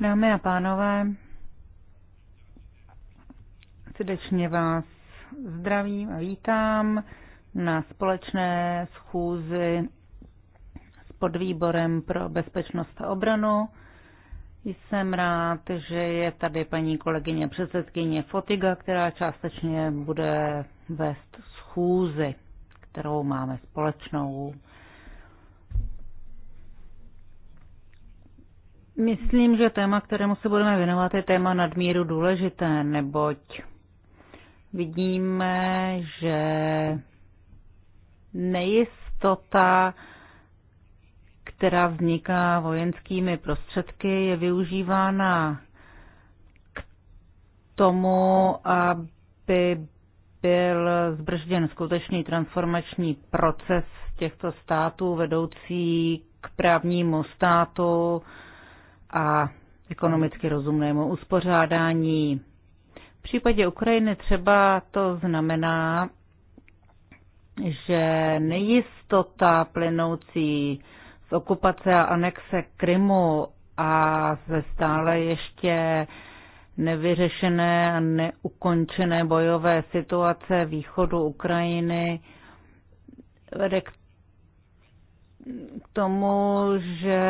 Dámy a pánové, srdečně vás zdravím a vítám na společné schůzi s podvýborem pro bezpečnost a obranu. Jsem rád, že je tady paní kolegyně předsedkyně Fotiga, která částečně bude vést schůzi, kterou máme společnou Myslím, že téma, kterému se budeme věnovat, je téma nadmíru důležité, neboť vidíme, že nejistota, která vzniká vojenskými prostředky, je využívána k tomu, aby byl zbržděn skutečný transformační proces těchto států vedoucí k právnímu státu, a ekonomicky rozumnému uspořádání. V případě Ukrajiny třeba to znamená, že nejistota plynoucí z okupace a anexe Krymu a ze stále ještě nevyřešené a neukončené bojové situace východu Ukrajiny vede k tomu, že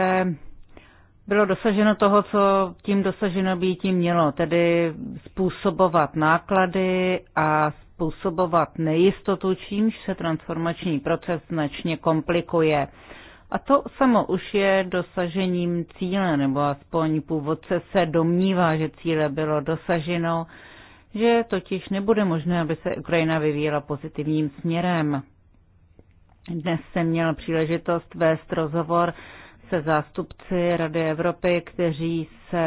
bylo dosaženo toho, co tím dosaženo být tím mělo, tedy způsobovat náklady a způsobovat nejistotu, čímž se transformační proces značně komplikuje. A to samo už je dosažením cíle, nebo aspoň původce se domnívá, že cíle bylo dosaženo, že totiž nebude možné, aby se Ukrajina vyvíjela pozitivním směrem. Dnes jsem měl příležitost vést rozhovor se zástupci Rady Evropy, kteří se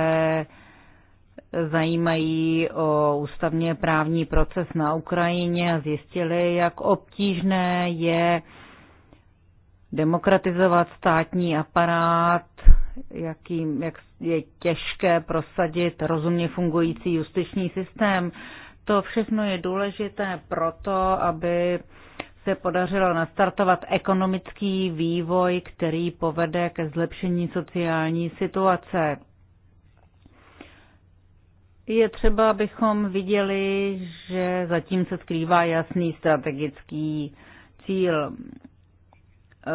zajímají o ústavně právní proces na Ukrajině a zjistili, jak obtížné je demokratizovat státní aparát, jakým, jak je těžké prosadit rozumně fungující justiční systém. To všechno je důležité proto, aby se podařilo nastartovat ekonomický vývoj, který povede ke zlepšení sociální situace. Je třeba, abychom viděli, že zatím se skrývá jasný strategický cíl.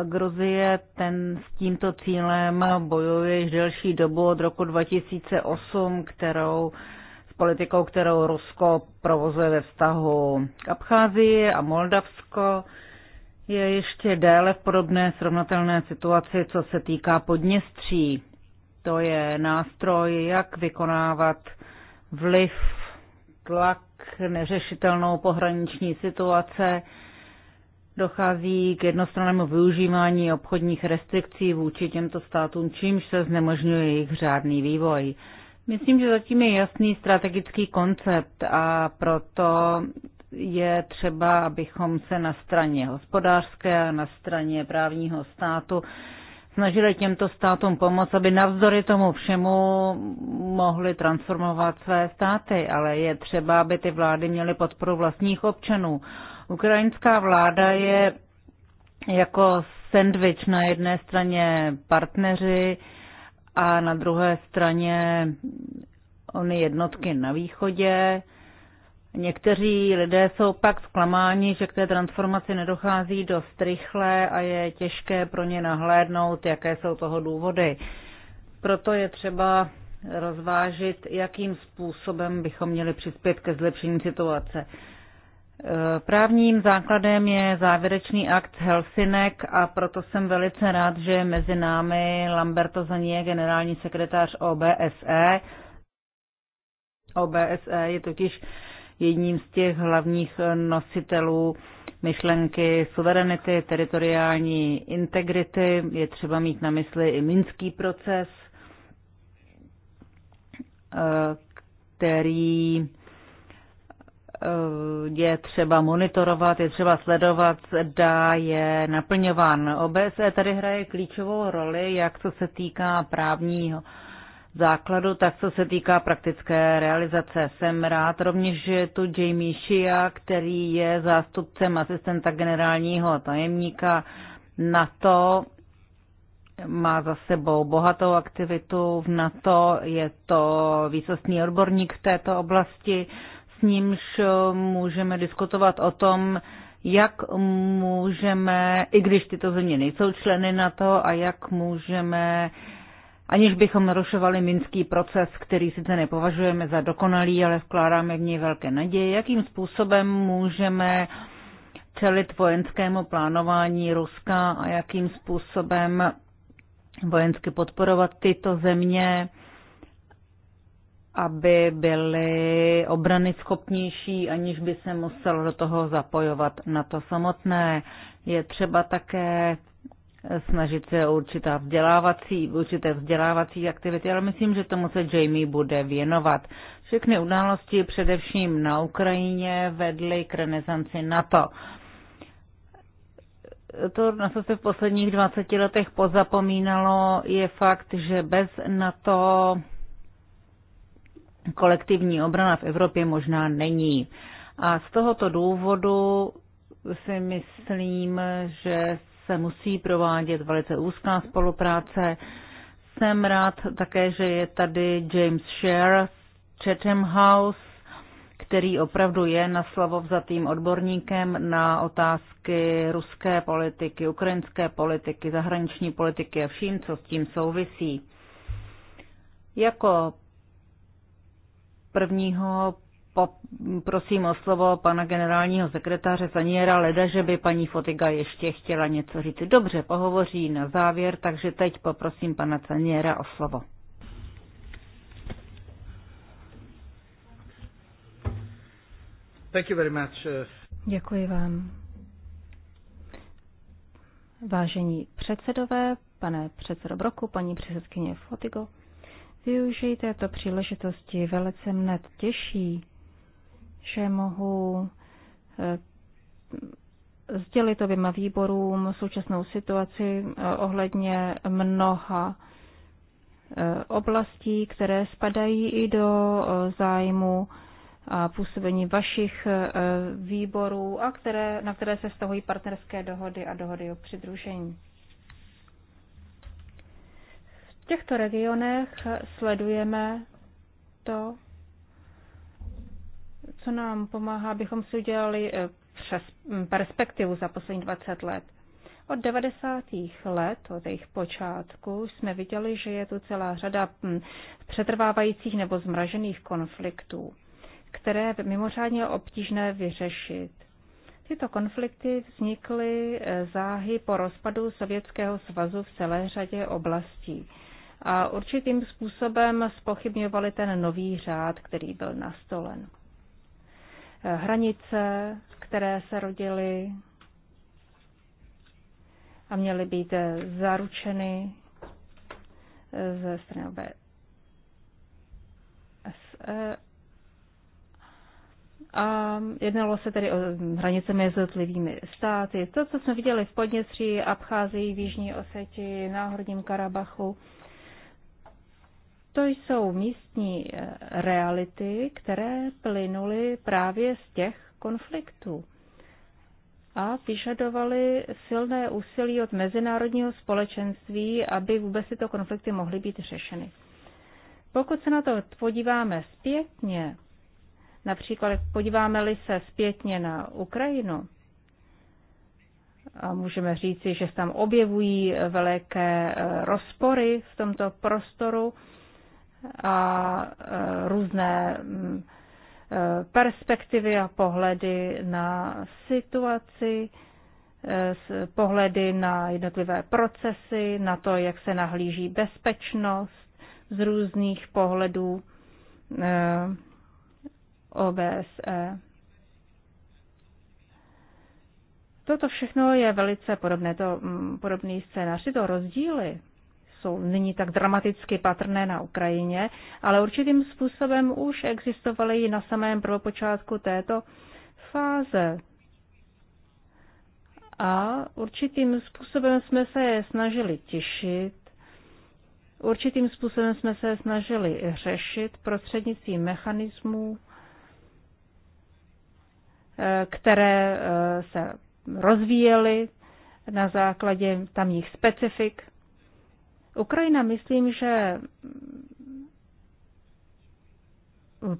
Gruzie ten s tímto cílem bojuje již delší dobu od roku 2008, kterou politikou, kterou Rusko provozuje ve vztahu k Abcházii a Moldavsko, je ještě déle v podobné srovnatelné situaci, co se týká podněstří. To je nástroj, jak vykonávat vliv, tlak, neřešitelnou pohraniční situace. Dochází k jednostrannému využívání obchodních restrikcí vůči těmto státům, čímž se znemožňuje jejich řádný vývoj. Myslím, že zatím je jasný strategický koncept a proto je třeba, abychom se na straně hospodářské a na straně právního státu snažili těmto státům pomoct, aby navzdory tomu všemu mohli transformovat své státy, ale je třeba, aby ty vlády měly podporu vlastních občanů. Ukrajinská vláda je jako sandwich na jedné straně partneři, a na druhé straně ony jednotky na východě. Někteří lidé jsou pak zklamáni, že k té transformaci nedochází dost rychle a je těžké pro ně nahlédnout, jaké jsou toho důvody. Proto je třeba rozvážit, jakým způsobem bychom měli přispět ke zlepšení situace. Právním základem je závěrečný akt Helsinek a proto jsem velice rád, že je mezi námi Lamberto Zanie, generální sekretář OBSE. OBSE je totiž jedním z těch hlavních nositelů myšlenky suverenity, teritoriální integrity. Je třeba mít na mysli i minský proces, eh, který Eh, je třeba monitorovat, je třeba sledovat, zda je naplňován. OBSE tady hraje klíčovou roli, jak co se týká právního základu, tak co se týká praktické realizace. Jsem rád rovněž, že je tu Jamie Shia, který je zástupcem asistenta generálního tajemníka NATO, má za sebou bohatou aktivitu v NATO, je to výsostný odborník v této oblasti nímž můžeme diskutovat o tom, jak můžeme, i když tyto země nejsou členy na to, a jak můžeme, aniž bychom narušovali minský proces, který sice nepovažujeme za dokonalý, ale vkládáme v něj velké naděje, jakým způsobem můžeme čelit vojenskému plánování Ruska a jakým způsobem vojensky podporovat tyto země aby byli obrany schopnější, aniž by se muselo do toho zapojovat na to samotné. Je třeba také snažit se o určitá vzdělávací, určité vzdělávací aktivity, ale myslím, že tomu se Jamie bude věnovat. Všechny události, především na Ukrajině, vedly k renesanci NATO. To, na co se v posledních 20 letech pozapomínalo, je fakt, že bez NATO kolektivní obrana v Evropě možná není. A z tohoto důvodu si myslím, že se musí provádět velice úzká spolupráce. Jsem rád také, že je tady James Sher z Chatham House, který opravdu je na slovo vzatým odborníkem na otázky ruské politiky, ukrajinské politiky, zahraniční politiky a vším, co s tím souvisí. Jako Prvního prosím o slovo pana generálního sekretáře Zaniera Leda, že by paní Fotiga ještě chtěla něco říct. Dobře, pohovoří na závěr, takže teď poprosím pana Zaniera o slovo. Thank you very much. Uh, Děkuji vám. Vážení předsedové, pane předsedo Broku, paní předsedkyně Fotigo, Využij této příležitosti. Velice mne těší, že mohu eh, sdělit oběma výborům současnou situaci eh, ohledně mnoha eh, oblastí, které spadají i do zájmu a působení vašich výborů a které, na které se vztahují partnerské dohody a dohody o přidružení. V těchto regionech sledujeme to, co nám pomáhá, abychom si udělali eh, přes hm, perspektivu za poslední 20 let. Od 90. let, od jejich počátku, jsme viděli, že je tu celá řada hm, přetrvávajících nebo zmražených konfliktů, které mimořádně obtížné vyřešit. Tyto konflikty vznikly eh, záhy po rozpadu Sovětského svazu v celé řadě oblastí a určitým způsobem spochybňovali ten nový řád, který byl nastolen. Hranice, které se rodily a měly být zaručeny ze strany BSE. A jednalo se tedy o hranice mezi jednotlivými státy. To, co jsme viděli v Podněstří, Abcházii, v Jižní Oseti, na Horním Karabachu, to jsou místní eh, reality, které plynuly právě z těch konfliktů a vyžadovaly silné úsilí od mezinárodního společenství, aby vůbec tyto konflikty mohly být řešeny. Pokud se na to podíváme zpětně, například podíváme-li se zpětně na Ukrajinu, a můžeme říci, že se tam objevují veliké eh, rozpory v tomto prostoru, a e, různé mm, e, perspektivy a pohledy na situaci, e, pohledy na jednotlivé procesy, na to, jak se nahlíží bezpečnost z různých pohledů OBSE. Toto všechno je velice podobné, to mm, podobný scénář, tyto rozdíly jsou nyní tak dramaticky patrné na Ukrajině, ale určitým způsobem už existovaly i na samém prvopočátku této fáze. A určitým způsobem jsme se je snažili těšit, určitým způsobem jsme se je snažili řešit prostřednictvím mechanismů, eh, které eh, se rozvíjely na základě tamních specifik. Ukrajina, myslím, že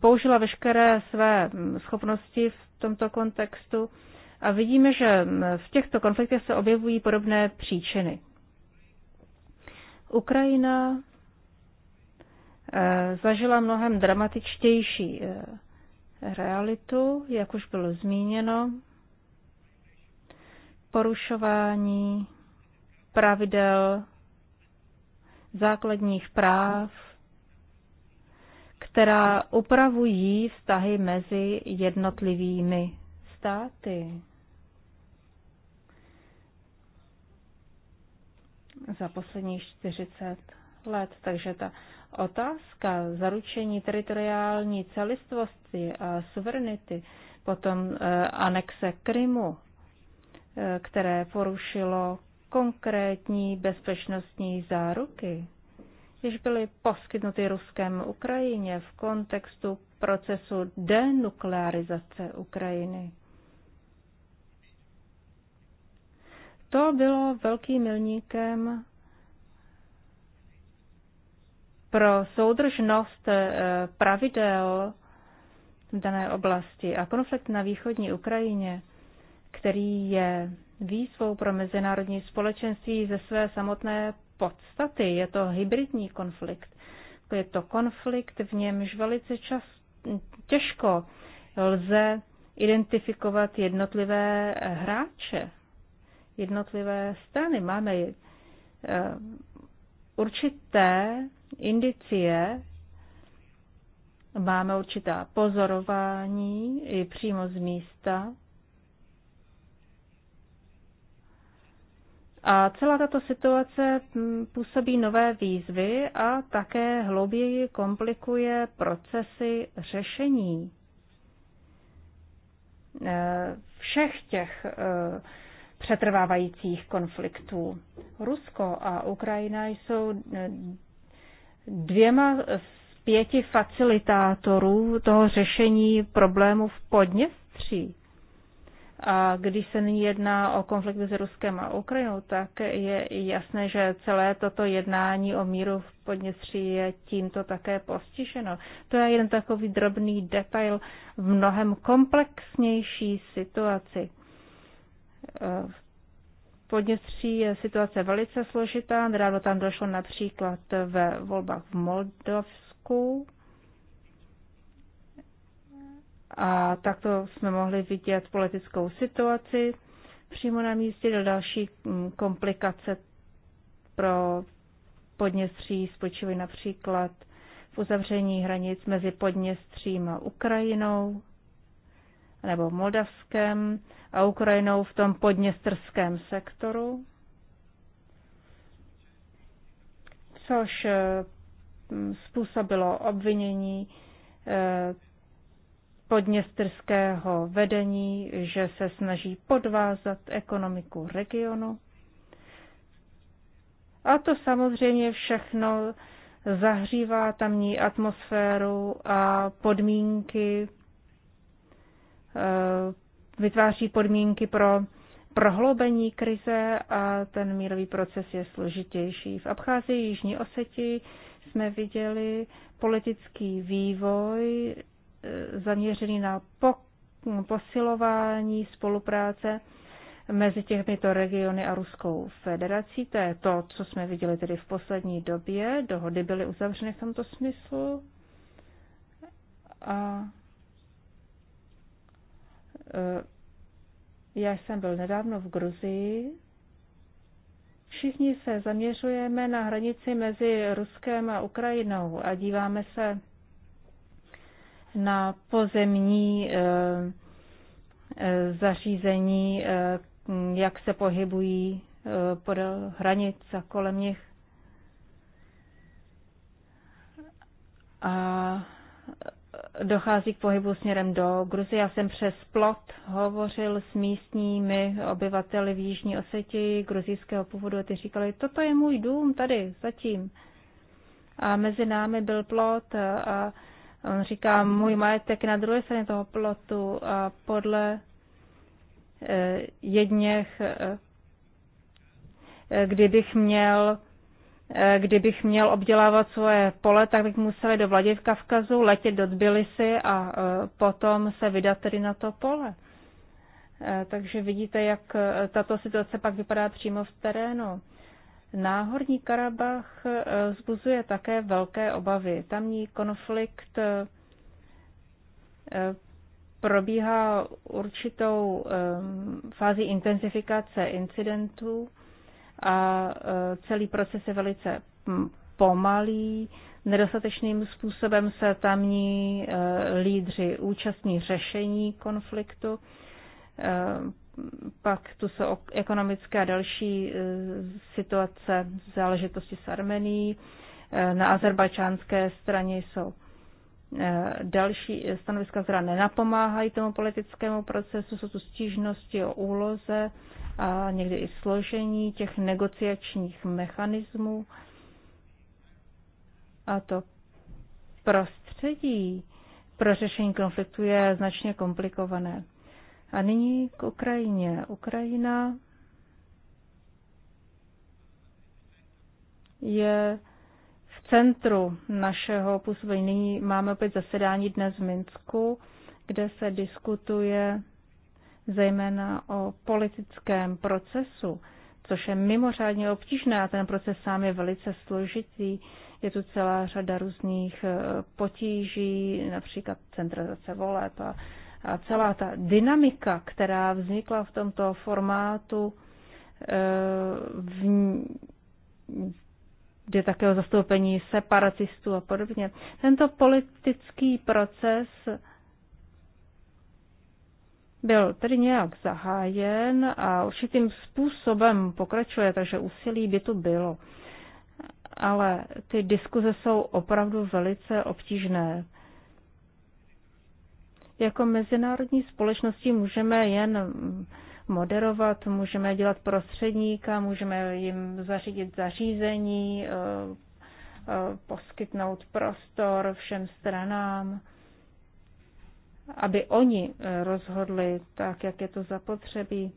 použila veškeré své schopnosti v tomto kontextu a vidíme, že v těchto konfliktech se objevují podobné příčiny. Ukrajina eh, zažila mnohem dramatičtější eh, realitu, jak už bylo zmíněno, porušování pravidel základních práv, která upravují vztahy mezi jednotlivými státy. Za posledních 40 let. Takže ta otázka zaručení teritoriální celistvosti a suverenity, potom eh, anexe Krymu, eh, které porušilo konkrétní bezpečnostní záruky, jež byly poskytnuty Ruskem Ukrajině v kontextu procesu denuklearizace Ukrajiny. To bylo velkým milníkem pro soudržnost eh, pravidel v dané oblasti a konflikt na východní Ukrajině, který je výzvou pro mezinárodní společenství ze své samotné podstaty. Je to hybridní konflikt. Je to konflikt, v němž velice čas, těžko lze identifikovat jednotlivé hráče, jednotlivé strany. Máme eh, určité indicie, máme určitá pozorování i přímo z místa, A celá tato situace mm, působí nové výzvy a také hlouběji komplikuje procesy řešení eh, všech těch eh, přetrvávajících konfliktů. Rusko a Ukrajina jsou eh, dvěma z pěti facilitátorů toho řešení problému v Podněstří. A když se nyní jedná o konflikt mezi Ruskem a Ukrajinou, tak je jasné, že celé toto jednání o míru v Podněstří je tímto také postiženo. To je jeden takový drobný detail v mnohem komplexnější situaci. E, v Podněstří je situace velice složitá. Nedávno tam došlo například ve volbách v Moldovsku a takto jsme mohli vidět politickou situaci přímo na místě do další mm, komplikace pro Podněstří spočívají například v uzavření hranic mezi Podněstřím a Ukrajinou nebo Moldavskem a Ukrajinou v tom podněstrském sektoru, což mm, způsobilo obvinění eh, podněstrského vedení, že se snaží podvázat ekonomiku regionu. A to samozřejmě všechno zahřívá tamní atmosféru a podmínky, eh, vytváří podmínky pro prohloubení krize a ten mírový proces je složitější. V Abcházii Jižní Oseti jsme viděli politický vývoj zaměřený na posilování spolupráce mezi těmito regiony a Ruskou federací. To je to, co jsme viděli tedy v poslední době. Dohody byly uzavřeny v tomto smyslu. A e, já jsem byl nedávno v Gruzii. Všichni se zaměřujeme na hranici mezi Ruskem a Ukrajinou a díváme se na pozemní eh, eh, zařízení, eh, jak se pohybují podél hranic a kolem nich. A dochází k pohybu směrem do Gruzie. Já jsem přes plot hovořil s místními obyvateli v Jižní Oseti gruzijského původu a ty říkali, toto je můj dům tady zatím. A mezi námi byl plot a, a On říká, můj majetek na druhé straně toho plotu a podle eh, jedněch, eh, eh, kdybych měl kdybych měl obdělávat svoje pole, tak bych musel do Vladivka Kavkazu, letět do Tbilisi a potom se vydat tedy na to pole. Takže vidíte, jak tato situace pak vypadá přímo v terénu. Náhorní Karabach eh, zbuzuje také velké obavy. Tamní konflikt eh, probíhá určitou eh, fázi intenzifikace incidentů a celý proces je velice hm, pomalý. Nedostatečným způsobem se tamní lídři účastní řešení konfliktu pak tu jsou ekonomické a další e, situace, záležitosti s Armenií. E, na azerbajdžánské straně jsou e, další stanoviska, která nenapomáhají tomu politickému procesu, jsou tu stížnosti o úloze a někdy i složení těch negociačních mechanismů. A to prostředí pro řešení konfliktu je značně komplikované. A nyní k Ukrajině. Ukrajina je v centru našeho působení. Nyní máme opět zasedání dnes v Minsku, kde se diskutuje zejména o politickém procesu, což je mimořádně obtížné a ten proces sám je velice složitý. Je tu celá řada různých eh, potíží, například centralizace voleb a a celá ta dynamika, která vznikla v tomto formátu, e, v, kde také o zastoupení separatistů a podobně. Tento politický proces byl tedy nějak zahájen a určitým způsobem pokračuje, takže úsilí by to bylo. Ale ty diskuze jsou opravdu velice obtížné, jako mezinárodní společnosti můžeme jen moderovat, můžeme dělat prostředníka, můžeme jim zařídit zařízení, eh, eh, poskytnout prostor všem stranám, aby oni eh, rozhodli tak, jak je to zapotřebí.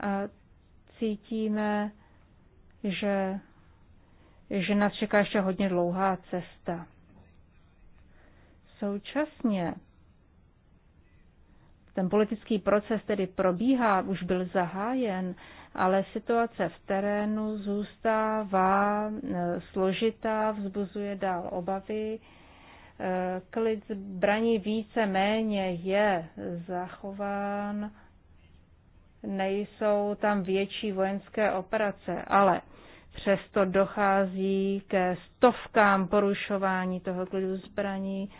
A cítíme, že, že nás čeká ještě hodně dlouhá cesta. Současně ten politický proces tedy probíhá, už byl zahájen, ale situace v terénu zůstává e, složitá, vzbuzuje dál obavy. E, klid zbraní více méně je zachován, nejsou tam větší vojenské operace, ale přesto dochází ke stovkám porušování toho klidu zbraní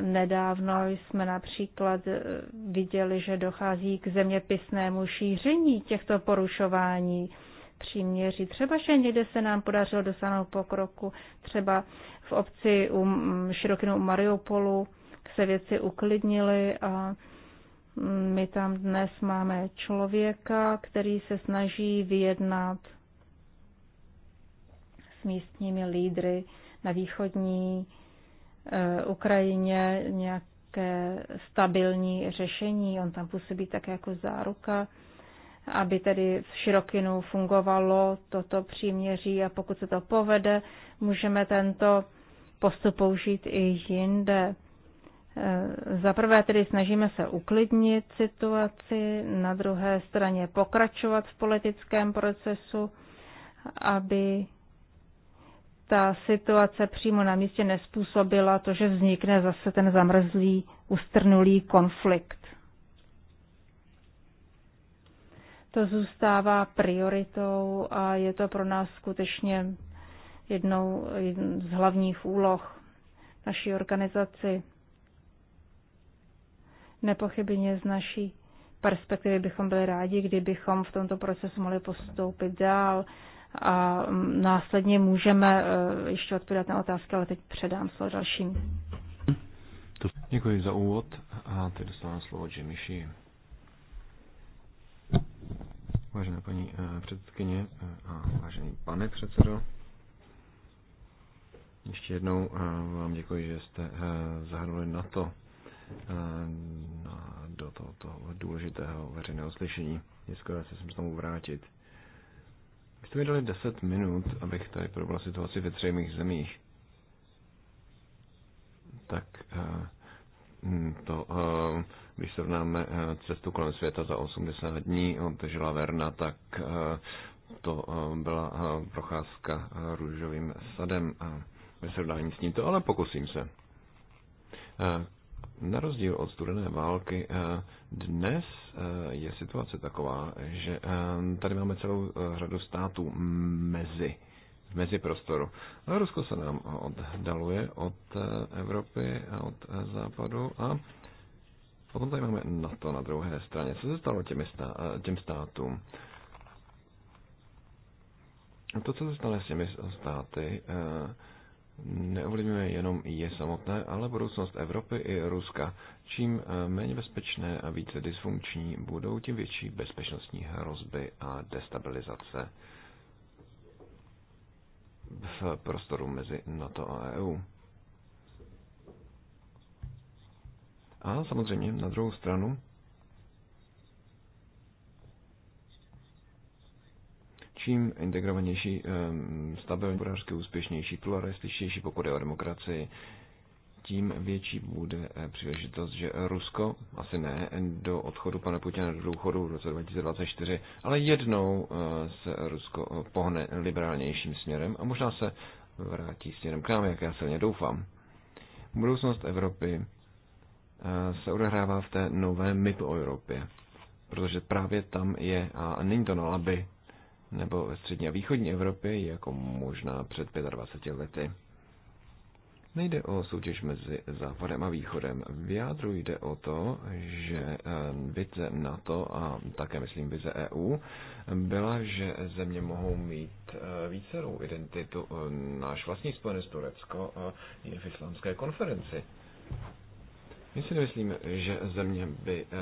Nedávno jsme například eh, viděli, že dochází k zeměpisnému šíření těchto porušování příměří. Třeba, že někde se nám podařilo dosáhnout pokroku, třeba v obci u Širokinu u Mariupolu se věci uklidnily a my tam dnes máme člověka, který se snaží vyjednat s místními lídry na východní Eh, Ukrajině nějaké stabilní řešení. On tam působí také jako záruka, aby tedy v Širokinu fungovalo toto příměří a pokud se to povede, můžeme tento postup použít i jinde. Eh, za prvé tedy snažíme se uklidnit situaci, na druhé straně pokračovat v politickém procesu, aby ta situace přímo na místě nespůsobila to, že vznikne zase ten zamrzlý, ustrnulý konflikt. To zůstává prioritou a je to pro nás skutečně jednou z hlavních úloh naší organizaci. Nepochybně z naší perspektivy bychom byli rádi, kdybychom v tomto procesu mohli postoupit dál, a mm, následně můžeme e, ještě odpovědět na otázky, ale teď předám slovo dalším. Děkuji za úvod a teď dostávám slovo Jimmyši. Vážená paní e, předsedkyně e, a vážený pane předsedo, ještě jednou vám děkuji, že jste zahrnuli na to, do tohoto důležitého veřejného slyšení. Je skvělé se sem tam vrátit. Vy mi dali 10 minut, abych tady probral situaci ve třech mých zemích. Tak eh, hm, to, eh, když srovnáme eh, cestu kolem světa za 80 dní od Žila Verna, tak to byla procházka růžovým sadem ve srovnání s tímto, ale pokusím se. Na rozdíl od studené války eh, dnes eh, je situace taková, že eh, tady máme celou řadu států mezi v meziprostoru. A Rusko se nám oddaluje od Evropy a od Západu a potom tady máme NATO na druhé straně. Co se stalo těmi stá, těm státům? To, co se stane s těmi státy, neovlivňuje jenom je samotné, ale budoucnost Evropy i Ruska. Čím eh, méně bezpečné a více dysfunkční budou, tím větší bezpečnostní hrozby a destabilizace v prostoru mezi NATO a EU. A samozřejmě na druhou stranu čím integrovanější, ehm, stabilní, hospodářsky úspěšnější, pluralističtější, pokud je o demokracii, tím větší bude eh, příležitost, že Rusko, asi ne do odchodu pana Putina do důchodu v roce 2024, ale jednou eh, se Rusko eh, pohne liberálnějším směrem a možná se vrátí směrem k nám, jak já silně doufám. Budoucnost Evropy se odehrává v té nové mytu o Evropě, protože právě tam je, a není to na laby, nebo ve střední a východní Evropě jako možná před 25 lety. Nejde o soutěž mezi Západem a Východem. V jádru jde o to, že eh, vize NATO a také myslím vize EU byla, že země mohou mít eh, vícerou identitu. Eh, náš vlastní spojenec Turecko je v islámské konferenci. My si nemyslím, že země by eh,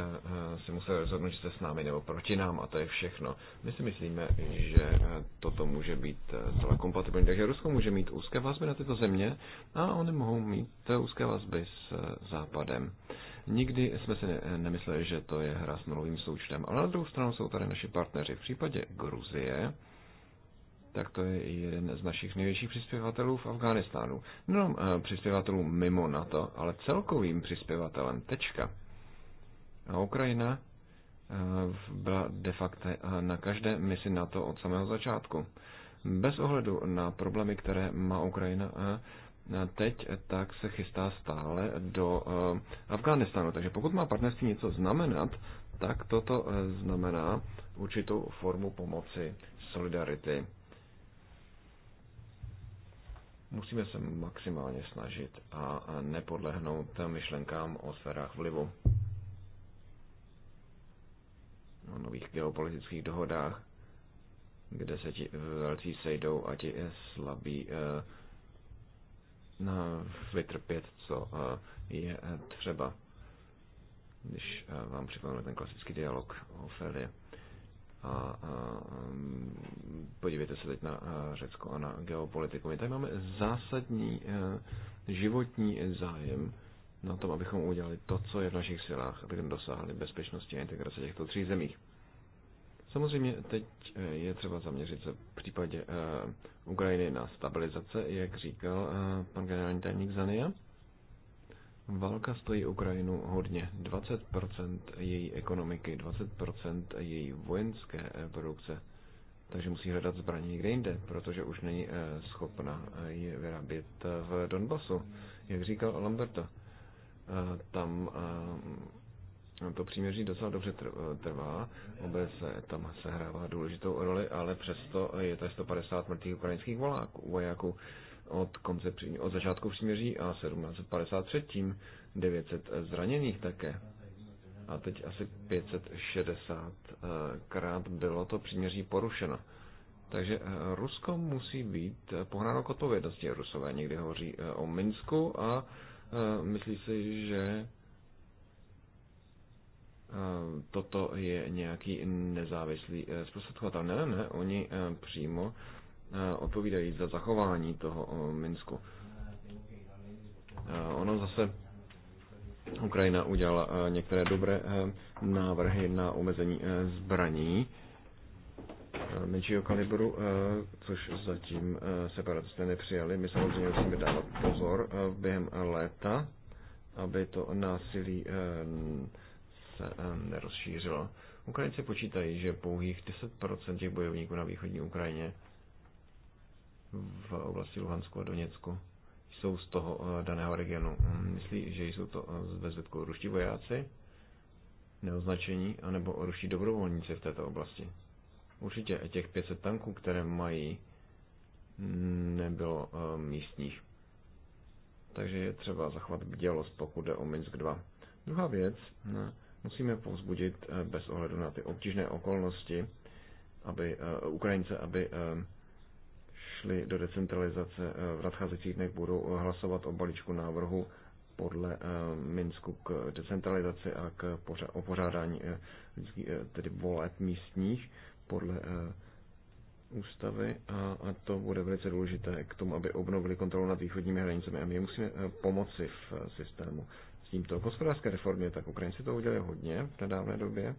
eh, se musela rozhodnout, že se s námi nebo proti nám a to je všechno. My si myslíme, že eh, toto může být celá kompatibilní. Takže Rusko může mít úzké vazby na tyto země a oni mohou mít úzké vazby s Západem. Nikdy jsme si nemysleli, že to je hra s nulovým součtem, ale na druhou stranu jsou tady naši partneři. V případě Gruzie tak to je jeden z našich největších přispěvatelů v Afghánistánu. Nejenom eh, přispěvatelů mimo NATO, ale celkovým přispěvatelem. Tečka. A Ukrajina eh, byla de facto eh, na každé misi NATO od samého začátku. Bez ohledu na problémy, které má Ukrajina teď, tak se chystá stále do Afghánistánu. Takže pokud má partnerství něco znamenat, tak toto znamená určitou formu pomoci, solidarity Musíme se maximálně snažit a nepodlehnout myšlenkám o sférách vlivu, o nových geopolitických dohodách, kde se ti velcí sejdou a ti slabí vytrpět, eh, co eh, je eh, třeba. Když vám připomenu ten klasický dialog o Felie a, podívejte se teď na Řecko a na geopolitiku. My tady máme zásadní e, životní zájem na tom, abychom udělali to, co je v našich silách, abychom dosáhli bezpečnosti a integrace těchto tří zemí. Samozřejmě teď e, je třeba zaměřit se v případě e, Ukrajiny na stabilizace, jak říkal pan generální tajemník Zania. Válka stojí Ukrajinu hodně. 20% její ekonomiky, 20% její vojenské eh, produkce. Takže musí hledat zbraně někde jinde, protože už není eh, schopna eh, je vyrábět v Donbasu. Jak říkal Lamberto, tam to příměří docela dobře trvá. Obec tam sehrává důležitou roli, ale přesto je to 150 mrtvých ukrajinských vojáků od, konce, od začátku příměří a 1753 900 zraněných také. A teď asi 560 eh, krát bylo to příměří porušeno. Takže eh, Rusko musí být eh, pohráno k odpovědnosti. Rusové někdy hovoří o Minsku a myslí si, že toto je nějaký nezávislý zprostředkovatel. Ne, ne, ne, oni přímo Eh, odpovídají za zachování toho eh, Minsku. Eh, ono zase Ukrajina udělala některé dobré návrhy na omezení zbraní menšího kalibru, což zatím separatisté nepřijali. My samozřejmě musíme dávat pozor během léta, aby to násilí se nerozšířilo. Ukrajinci počítají, že pouhých 10% těch bojovníků na východní Ukrajině v oblasti Luhansku a Doněcku jsou z toho eh, daného regionu. Mm, myslí, že jsou to eh, ve zbytku ruští vojáci, neoznačení, anebo ruští dobrovolníci v této oblasti. Určitě těch 500 tanků, které mají, nebylo eh, místních. Takže je třeba zachovat bdělost, pokud jde o Minsk 2. Druhá věc, musíme povzbudit bez ohledu na ty obtížné okolnosti, aby Ukrajince, aby šli do decentralizace eh, v nadcházejících dnech, budou eh, hlasovat o balíčku návrhu podle eh, Minsku k decentralizaci a k opořádání tedy voleb místních podle ústavy a, a to bude velice důležité k tomu, aby obnovili kontrolu nad východními hranicemi a my musíme pomoci v systému s tímto. K hospodářské reformě tak Ukrajinci to udělali hodně v nedávné době.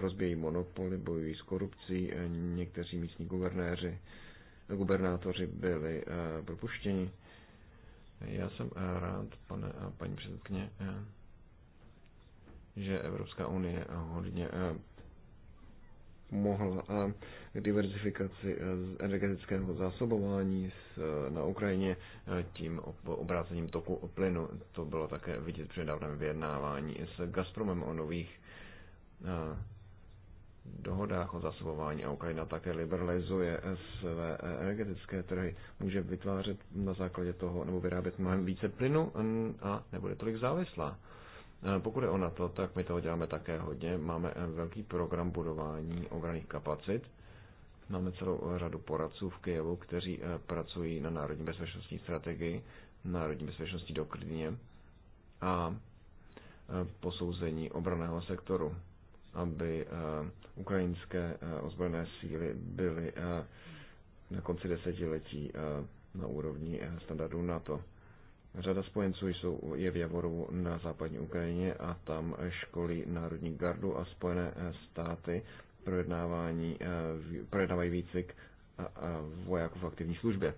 Rozbějí monopoly, bojují s korupcí, někteří místní guvernéři gubernátoři byli eh, propuštěni. Já jsem eh, rád, pane a paní předsedkyně, eh, že Evropská unie hodně mohla diverzifikaci energetického zásobování na Ukrajině tím obrácením toku plynu. To bylo také vidět při nedávném vyjednávání s Gazpromem o nových dohodách o zasobování a Ukrajina také liberalizuje své energetické trhy, může vytvářet na základě toho nebo vyrábět mnohem více plynu a nebude tolik závislá. Pokud je o NATO, tak my toho děláme také hodně. Máme velký program budování obraných kapacit. Máme celou řadu poradců v Kyjevu, kteří eh, pracují na národní bezpečnostní strategii, národní do doktrině a eh, posouzení obraného sektoru aby eh, ukrajinské eh, ozbrojené síly byly eh, na konci desetiletí na úrovni standardů NATO. Řada spojenců jsou, je v Javoru na západní Ukrajině a tam školí Národní gardu a Spojené státy projednávání, projednávají výcvik vojáků v aktivní službě.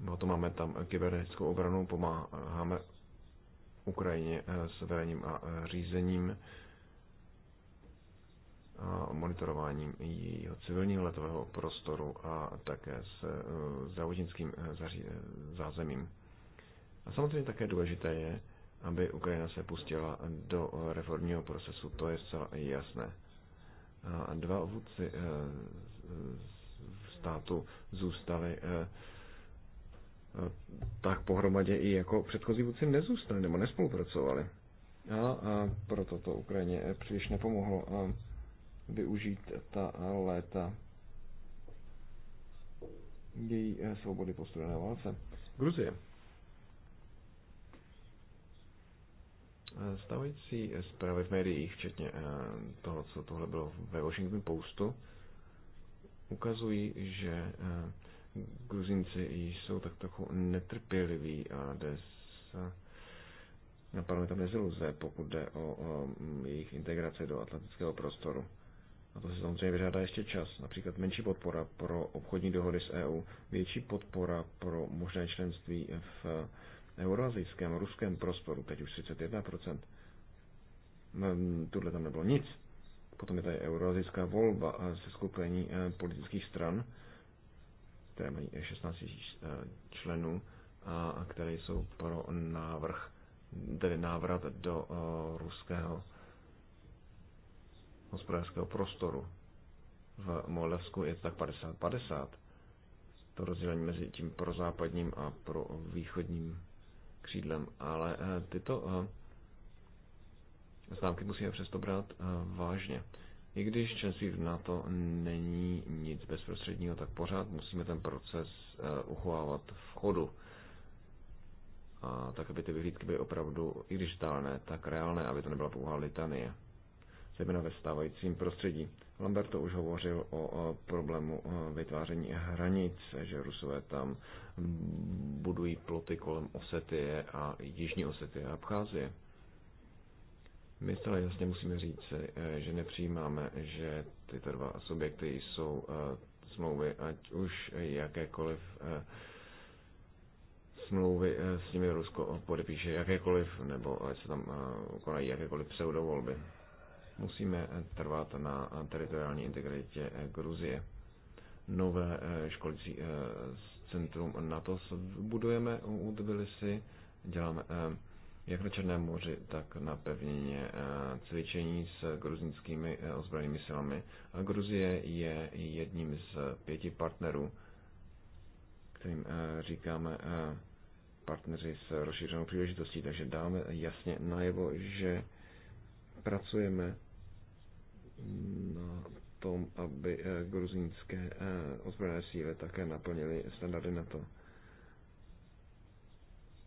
No to máme tam kybernetickou obranu, pomáháme Ukrajině eh, s vedením a eh, řízením a monitorováním jejího civilního letového prostoru a také s eh, zdravotnickým zázemím. A samozřejmě také důležité je, aby Ukrajina se pustila do reformního procesu, to je zcela jasné. A dva vůdci státu zůstali tak pohromadě i jako předchozí vůdci nezůstali nebo nespolupracovali. A, a proto to Ukrajině příliš nepomohlo a využít ta léta její eh, svobody po studené válce. Gruzie. Eh, Stavující zprávy v médiích, včetně eh, toho, co tohle bylo ve Washington Postu, ukazují, že Gruzinci jsou tak trochu netrpěliví a des, napadne tam deziluze, pokud jde o, o jejich integraci do atlantického prostoru. A to se samozřejmě vyřádá ještě čas. Například menší podpora pro obchodní dohody s EU, větší podpora pro možné členství v euroazijském, ruském prostoru, teď už 31%. No, Tudle tam nebylo nic. Potom je tady euroazijská volba se skupení eh, politických stran, které mají 16 000 eh, členů a které jsou pro návrh, tedy návrat do eh, ruského hospodářského prostoru. V Moldavsku je to tak 50-50. To rozdělení mezi tím prozápadním a pro východním křídlem. Ale eh, tyto známky musíme přesto brát vážně. I když členství v NATO není nic bezprostředního, tak pořád musíme ten proces eh, uchovávat v chodu. A tak, aby ty vyhlídky byly opravdu, i když dálné, tak reálné, aby to nebyla pouhá litanie. Zejména ve stávajícím prostředí. Lamberto už hovořil o problému eh, vytváření hranic, že Rusové tam budují ploty kolem Osetie a Jižní Osetie a Abcházie. My zcela jasně musíme říct, eh, že nepřijímáme, že tyto dva subjekty jsou eh, smlouvy, ať už jakékoliv eh, smlouvy s nimi Rusko podepíše jakékoliv, nebo ať se tam konají jakékoliv pseudovolby. Musíme trvat na teritoriální integritě Gruzie. Nové školící centrum NATO budujeme u Tbilisi, děláme jak na Černém moři, tak na pevnině eh, cvičení s gruzinskými eh, ozbrojenými silami. A Gruzie je jedním z pěti partnerů, kterým eh, říkáme partneři s rozšířenou příležitostí, takže dáme jasně najevo, že pracujeme na tom, aby gruzínské ozbrojené síly také naplnily standardy na to.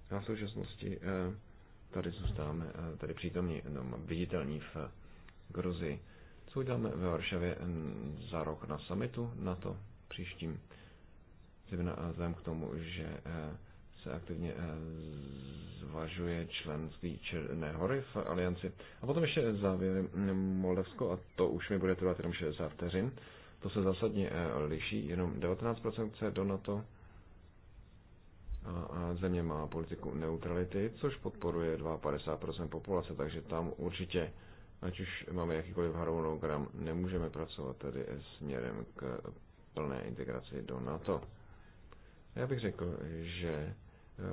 A v současnosti eh, tady zůstáváme eh, tady přítomní, no, viditelní v eh, Gruzii. Co uděláme ve Varšavě za rok na summitu na to příštím? Eh, vzhledem k tomu, že se aktivně zvažuje členství Černé hory v alianci. A potom ještě závěrem mm, Moldavsko, a to už mi bude trvat jenom 60 vteřin. To se zásadně liší, jenom 19% chce do NATO, a země má politiku neutrality, což podporuje 52% populace, takže tam určitě, ať už máme jakýkoliv harmonogram, nemůžeme pracovat tedy směrem k plné integraci do NATO. Já bych řekl, že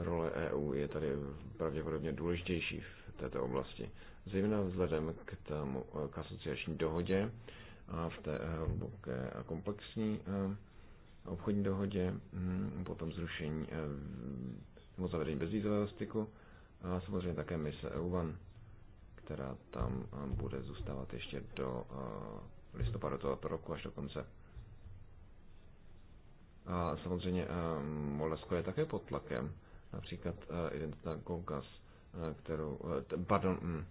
role EU je tady pravděpodobně důležitější v této oblasti, zejména vzhledem k, tomu, k asociační dohodě a v té hluboké a komplexní eh, obchodní dohodě, mm, potom zrušení eh, nebo zavedení bezvízového styku a samozřejmě také mise EUVAN, která tam eh, bude zůstávat ještě do eh, listopadu tohoto roku až do konce. A samozřejmě Moldavsko je také pod tlakem, například identita Gogas, kterou, pardon, mm,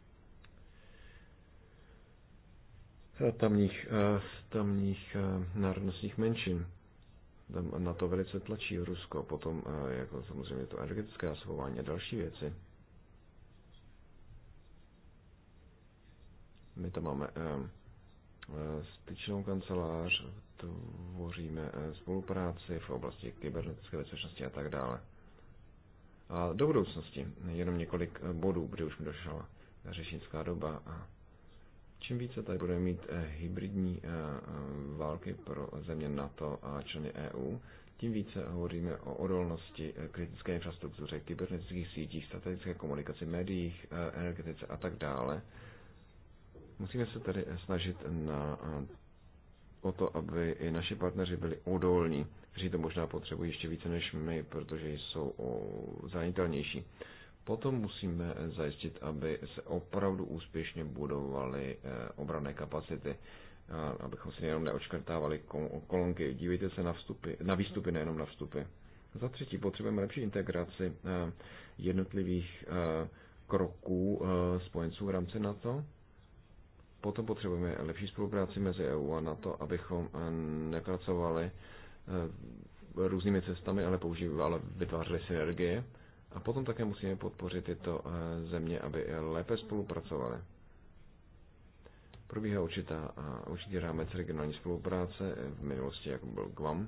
tamních, tamních národnostních menšin na to velice tlačí Rusko, potom eh, jako samozřejmě to energetické zásobování a další věci. My tam máme eh, eh, styčnou kancelář, tvoříme spolupráci v oblasti kybernetické bezpečnosti a tak dále. A do budoucnosti jenom několik bodů, kdy už mi došla řešnická doba a Čím více tady budeme mít eh, hybridní eh, eh, války pro země NATO a členy EU, tím více hovoříme o odolnosti kritické infrastruktuře, kybernetických sítích, strategické komunikaci, médiích, energetice a tak dále. Musíme se tedy snažit na, o to, aby i naši partneři byli odolní, kteří to možná potřebují ještě více než my, protože jsou zranitelnější. Potom musíme zajistit, aby se opravdu úspěšně budovaly eh, obrané kapacity, abychom si jenom neočkrtávali kolonky. Dívejte se na, vstupy, na výstupy, nejenom na vstupy. Za třetí potřebujeme lepší integraci eh, jednotlivých eh, kroků spojenců v rámci NATO. Potom potřebujeme lepší spolupráci mezi EU a NATO, abychom nepracovali různými cestami, ale používali, vytvářeli synergie. A potom také musíme podpořit tyto eh, země, aby lépe spolupracovaly. Probíhá určitá, určitý rámec regionální spolupráce eh, v minulosti, jako byl Guam.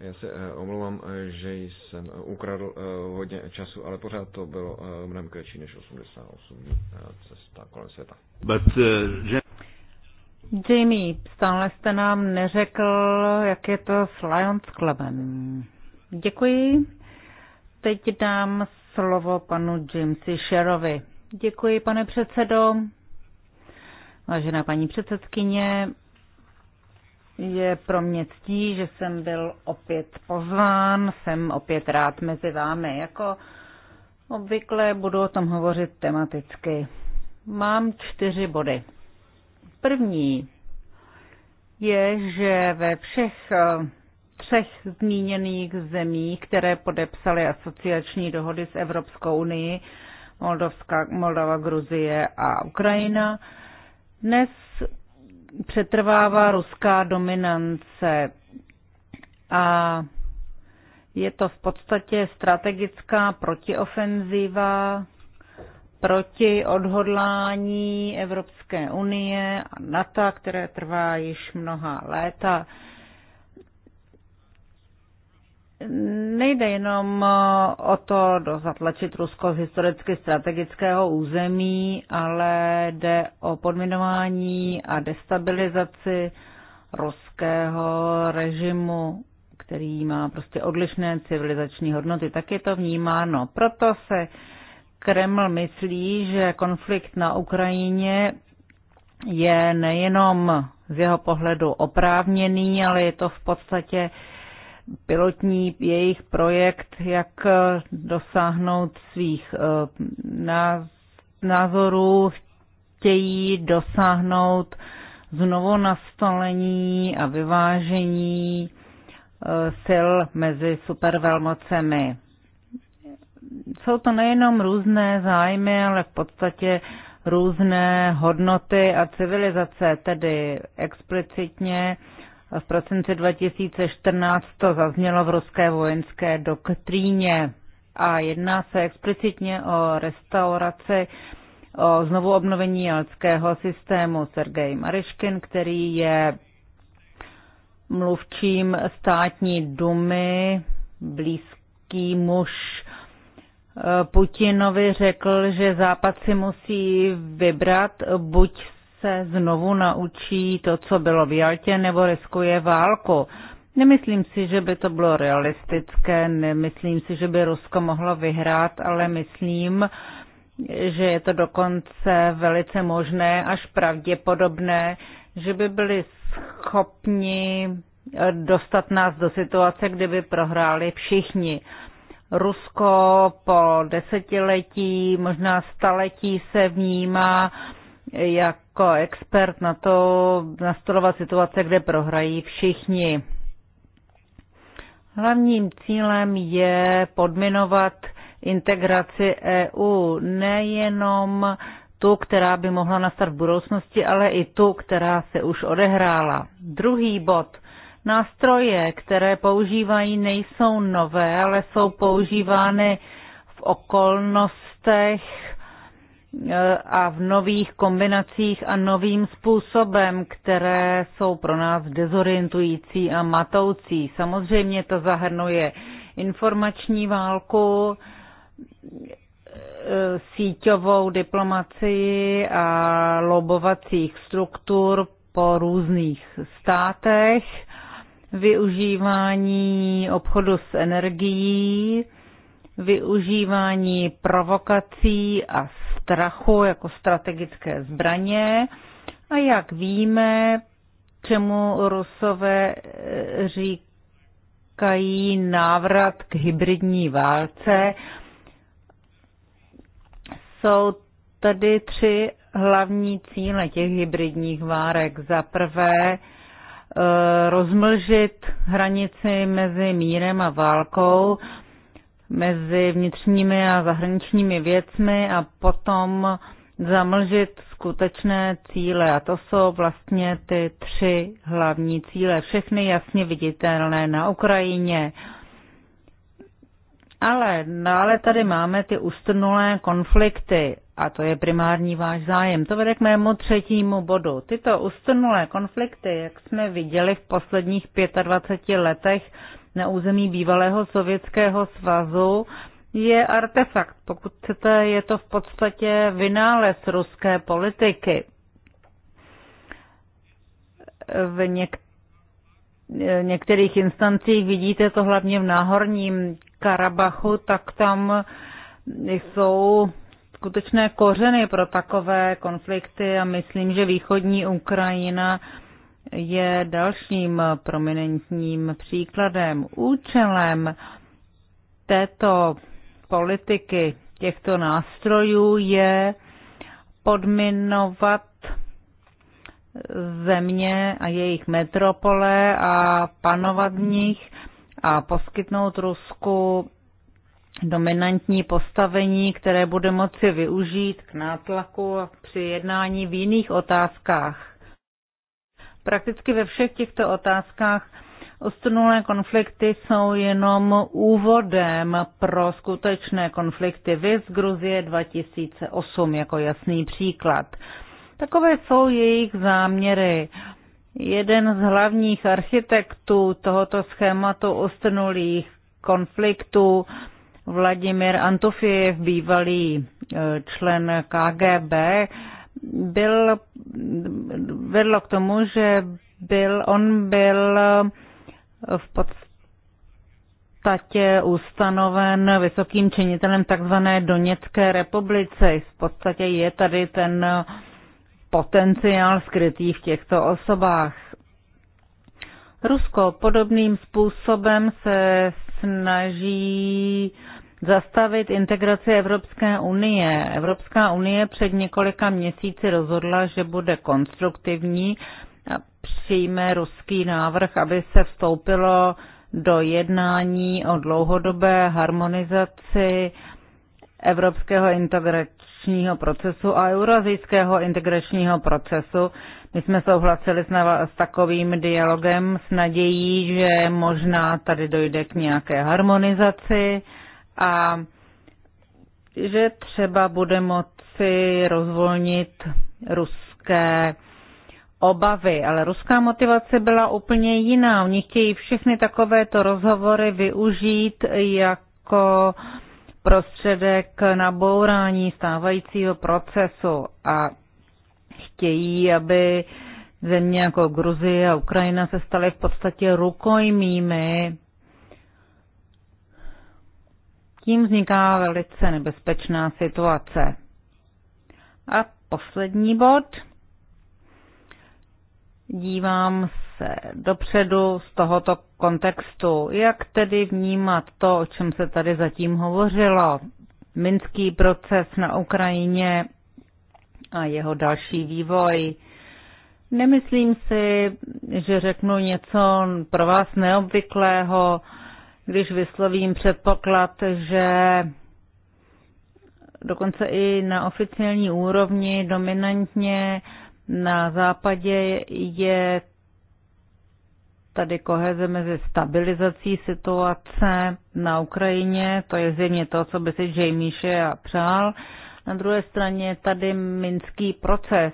Já se eh, omlouvám, že jsem ukradl hodně času, ale pořád to bylo mnohem kratší než 88 cesta kolem světa. But, uh, Jamie, stále jste nám neřekl, jak je to s Lions Clubem. Děkuji teď dám slovo panu Jamesi Sherovi. Děkuji, pane předsedo. Vážená paní předsedkyně, je pro mě ctí, že jsem byl opět pozván, jsem opět rád mezi vámi. Jako obvykle budu o tom hovořit tematicky. Mám čtyři body. První je, že ve všech třech zmíněných zemí, které podepsaly asociační dohody s Evropskou unii, Moldovska, Moldava, Gruzie a Ukrajina. Dnes přetrvává ruská dominance a je to v podstatě strategická protiofenzíva proti odhodlání Evropské unie a NATO, které trvá již mnoha léta nejde jenom eh, o to zatlačit Rusko z historicky strategického území, ale jde o podminování a destabilizaci ruského režimu, který má prostě odlišné civilizační hodnoty. Tak je to vnímáno. Proto se Kreml myslí, že konflikt na Ukrajině je nejenom z jeho pohledu oprávněný, ale je to v podstatě uh, pilotní jejich projekt, jak eh, dosáhnout svých eh, názorů, chtějí dosáhnout znovu nastolení a vyvážení eh, sil mezi supervelmocemi. Jsou to nejenom různé zájmy, ale v podstatě různé hodnoty a civilizace, tedy explicitně uh, v prosinci 2014 to zaznělo v ruské vojenské doktríně a jedná se explicitně o restauraci, o znovu obnovení jalského systému. Sergej Mariškin, který je mluvčím státní dumy, blízký muž eh, Putinovi řekl, že Západ si musí vybrat, buď se znovu naučí to, co bylo v Jaltě, nebo riskuje válku. Nemyslím si, že by to bylo realistické, nemyslím si, že by Rusko mohlo vyhrát, ale myslím, že je to dokonce velice možné až pravděpodobné, že by byli schopni dostat nás do situace, kdyby prohráli všichni. Rusko po desetiletí, možná staletí se vnímá jak jako expert na to nastolovat situace, kde prohrají všichni. Hlavním cílem je podminovat integraci EU, nejenom tu, která by mohla nastat v budoucnosti, ale i tu, která se už odehrála. Druhý bod. Nástroje, které používají, nejsou nové, ale jsou používány v okolnostech, a v nových kombinacích a novým způsobem, které jsou pro nás dezorientující a matoucí. Samozřejmě to zahrnuje informační válku, síťovou diplomacii a lobovacích struktur po různých státech, využívání obchodu s energií, využívání provokací a strachu jako strategické zbraně. A jak víme, čemu Rusové e, říkají návrat k hybridní válce, jsou tady tři hlavní cíle těch hybridních várek. Za prvé, e, rozmlžit hranici mezi mírem a válkou, mezi vnitřními a zahraničními věcmi a potom zamlžit skutečné cíle. A to jsou vlastně ty tři hlavní cíle, všechny jasně viditelné na Ukrajině. Ale dále no, tady máme ty ustrnulé konflikty a to je primární váš zájem. To vede k mému třetímu bodu. Tyto ustrnulé konflikty, jak jsme viděli v posledních 25 letech, na území bývalého Sovětského svazu, je artefakt. Pokud chcete, je to v podstatě vynález ruské politiky. V něk- některých instancích vidíte to hlavně v náhorním Karabachu, tak tam jsou skutečné kořeny pro takové konflikty a myslím, že východní Ukrajina je dalším prominentním příkladem. Účelem této politiky, těchto nástrojů je podminovat země a jejich metropole a panovat v nich a poskytnout Rusku dominantní postavení, které bude moci využít k nátlaku při jednání v jiných otázkách prakticky ve všech těchto otázkách Ostrnulé konflikty jsou jenom úvodem pro skutečné konflikty VIS Gruzie 2008 jako jasný příklad. Takové jsou jejich záměry. Jeden z hlavních architektů tohoto schématu ostrnulých konfliktů Vladimir Antofiev, bývalý e, člen KGB, byl, vedlo k tomu, že byl, on byl v podstatě ustanoven vysokým činitelem takzvané Doněcké republice. V podstatě je tady ten potenciál skrytý v těchto osobách. Rusko podobným způsobem se snaží uh, zastavit integraci Evropské unie. Evropská unie před několika měsíci rozhodla, že bude konstruktivní a přijme ruský návrh, aby se vstoupilo do jednání o dlouhodobé harmonizaci evropského integračního procesu a eurazijského integračního procesu. My jsme souhlasili s, s takovým dialogem s nadějí, že možná tady dojde k nějaké harmonizaci a že třeba bude moci rozvolnit ruské obavy, ale ruská motivace byla úplně jiná. Oni chtějí všechny takovéto rozhovory využít jako prostředek na bourání stávajícího procesu a chtějí, aby země jako Gruzie a Ukrajina se staly v podstatě rukojmými tím vzniká velice nebezpečná situace. A poslední bod. Dívám se dopředu z tohoto kontextu. Jak tedy vnímat to, o čem se tady zatím hovořilo? Minský proces na Ukrajině a jeho další vývoj. Nemyslím si, že řeknu něco pro vás neobvyklého když vyslovím předpoklad, že dokonce i na oficiální úrovni dominantně na západě je tady koheze mezi stabilizací situace na Ukrajině, to je zjevně to, co by si Jamie Shea přál. Na druhé straně tady minský proces,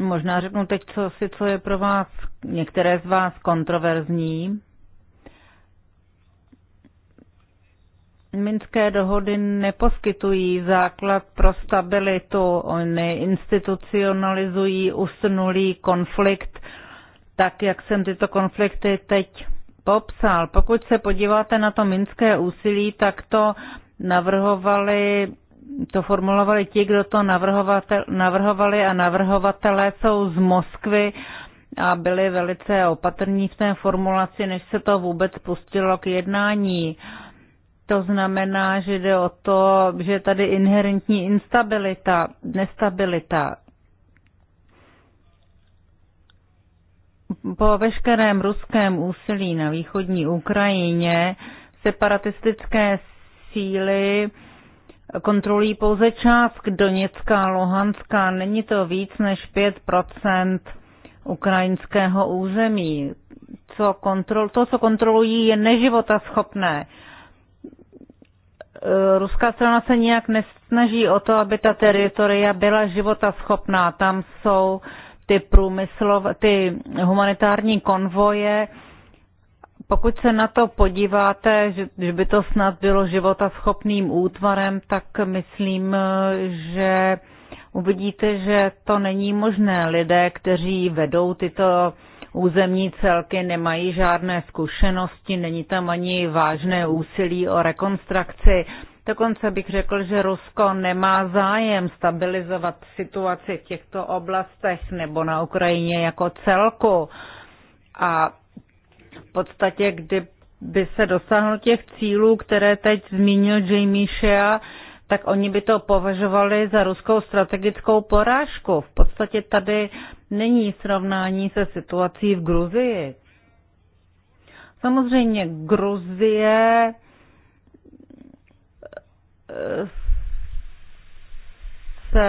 Možná řeknu teď co si, co je pro vás, některé z vás kontroverzní. Minské dohody neposkytují základ pro stabilitu, oni institucionalizují usnulý konflikt, tak jak jsem tyto konflikty teď popsal. Pokud se podíváte na to minské úsilí, tak to navrhovali to formulovali ti, kdo to navrhovali a navrhovatelé jsou z Moskvy a byli velice opatrní v té formulaci, než se to vůbec pustilo k jednání. To znamená, že jde o to, že je tady inherentní instabilita, nestabilita. Po veškerém ruském úsilí na východní Ukrajině separatistické síly kontrolují pouze část Doněcka a Luhanska, není to víc než 5 ukrajinského území. Co kontrol, to, co kontrolují, je schopné. E, ruská strana se nijak nesnaží o to, aby ta teritoria byla života schopná. Tam jsou ty průmyslov, ty humanitární konvoje, pokud se na to podíváte, že by to snad bylo života schopným útvarem, tak myslím, že uvidíte, že to není možné. Lidé, kteří vedou tyto územní celky, nemají žádné zkušenosti, není tam ani vážné úsilí o rekonstrukci. Dokonce bych řekl, že Rusko nemá zájem stabilizovat situaci v těchto oblastech nebo na Ukrajině jako celku. A v podstatě, kdyby se dosáhlo těch cílů, které teď zmínil Jamie Shea, tak oni by to považovali za ruskou strategickou porážku. V podstatě tady není srovnání se situací v Gruzii. Samozřejmě Gruzie eh, se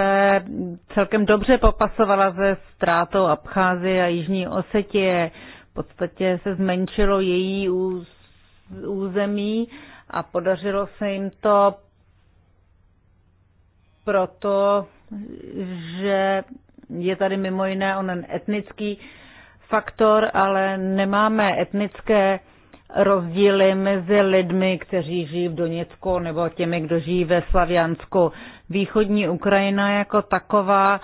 celkem dobře popasovala ze ztrátou Abcházie a Jižní Osetie. V podstatě se zmenšilo její území a podařilo se jim to proto, že je tady mimo jiné onen etnický faktor, ale nemáme etnické rozdíly mezi lidmi, kteří žijí v Doněcku nebo těmi, kdo žijí ve Slaviansku. Východní Ukrajina jako taková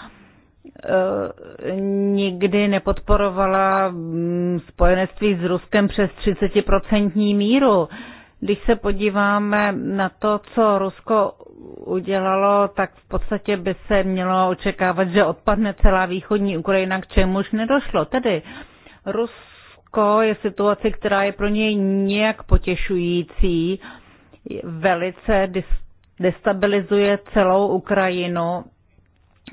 Eh, nikdy nepodporovala mm, spojenectví s Ruskem přes 30% míru. Když se podíváme na to, co Rusko udělalo, tak v podstatě by se mělo očekávat, že odpadne celá východní Ukrajina, k čemuž nedošlo. Tedy Rusko je situace, která je pro něj nějak potěšující, velice destabilizuje celou Ukrajinu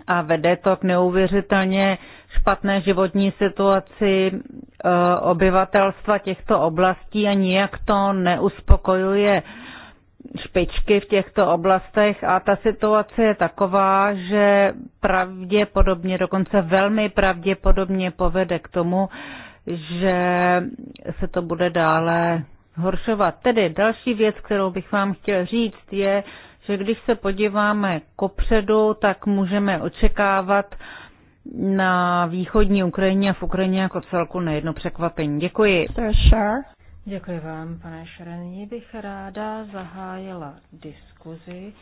a vede to k neuvěřitelně špatné životní situaci eh, obyvatelstva těchto oblastí a nijak to neuspokojuje špičky v těchto oblastech a ta situace je taková, že pravděpodobně, dokonce velmi pravděpodobně povede k tomu, že se to bude dále horšovat. Tedy další věc, kterou bych vám chtěl říct, je, že když se podíváme kopředu, tak můžeme očekávat na východní Ukrajině a v Ukrajině jako celku jedno překvapení. Děkuji. Děkuji vám, pane šrení. Bych ráda zahájila diskuzi.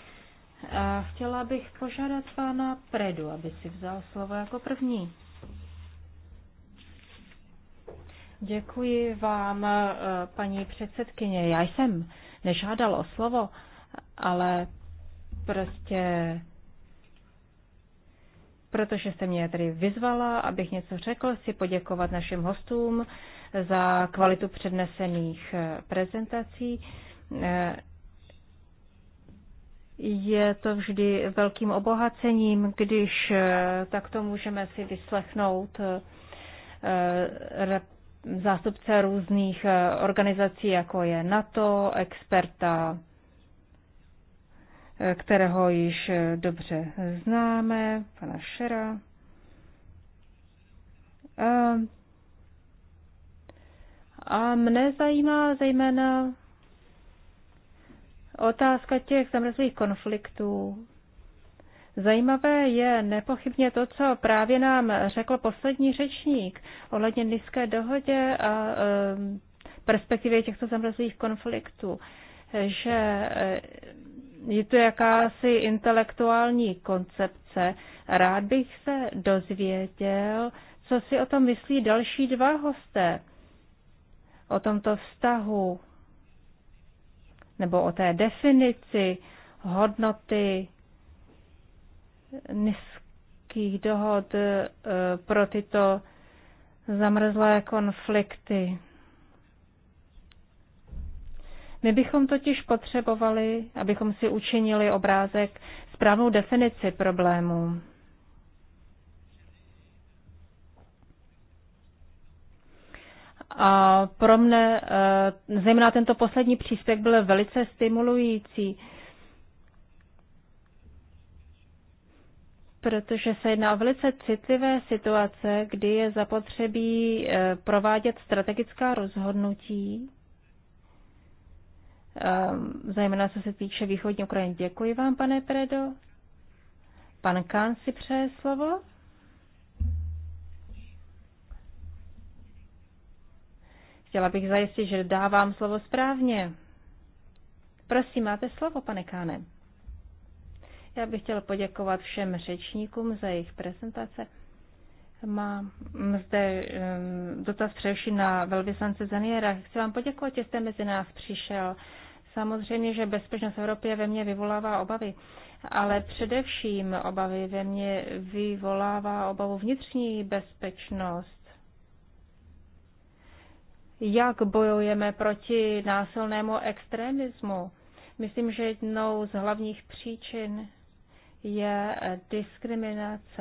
A chtěla bych požádat pána Predu, aby si vzal slovo jako první. Děkuji vám, eh, paní předsedkyně. Já jsem nežádal o slovo ale prostě protože jste mě tady vyzvala, abych něco řekl, si poděkovat našim hostům za kvalitu přednesených eh, prezentací. Eh, je to vždy velkým obohacením, když eh, takto můžeme si vyslechnout zástupce různých organizací, jako je NATO, experta kterého již eh, dobře známe, pana Šera. A, a mne zajímá zejména otázka těch zamrzlých konfliktů. Zajímavé je nepochybně to, co právě nám řekl poslední řečník ohledně nízké dohodě a eh, perspektivě těchto zamrzlých konfliktů, že eh, je to jakási intelektuální koncepce. Rád bych se dozvěděl, co si o tom myslí další dva hosté. O tomto vztahu nebo o té definici hodnoty nízkých dohod eh, pro tyto zamrzlé konflikty. My bychom totiž potřebovali, abychom si učinili obrázek správnou definici problémů. A pro mne eh, zejména tento poslední příspěvek byl velice stimulující, protože se jedná o velice citlivé situace, kdy je zapotřebí eh, provádět strategická rozhodnutí Ehm, zejména co se týče východní Ukrajiny. Děkuji vám, pane Predo. Pan Kán si přeje slovo. Chtěla bych zajistit, že dávám slovo správně. Prosím, máte slovo, pane Káne. Já bych chtěl poděkovat všem řečníkům za jejich prezentace. Mám zde um, dotaz především na velvyslance Zaniera. Chci vám poděkovat, že jste mezi nás přišel Samozřejmě, že bezpečnost v Evropě ve mně vyvolává obavy, ale především obavy ve mně vyvolává obavu vnitřní bezpečnost. Jak bojujeme proti násilnému extremismu? Myslím, že jednou z hlavních příčin je diskriminace.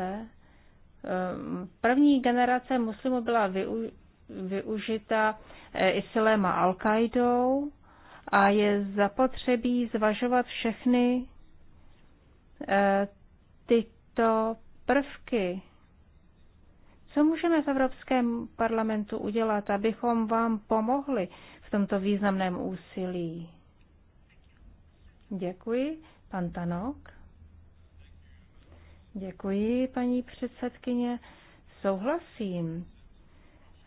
Ehm, první generace muslimů byla využita eh, Isláma al-Qaidou, a je zapotřebí zvažovat všechny eh, tyto prvky. Co můžeme v Evropském parlamentu udělat, abychom vám pomohli v tomto významném úsilí? Děkuji. Pan Tanok. Děkuji, paní předsedkyně. Souhlasím.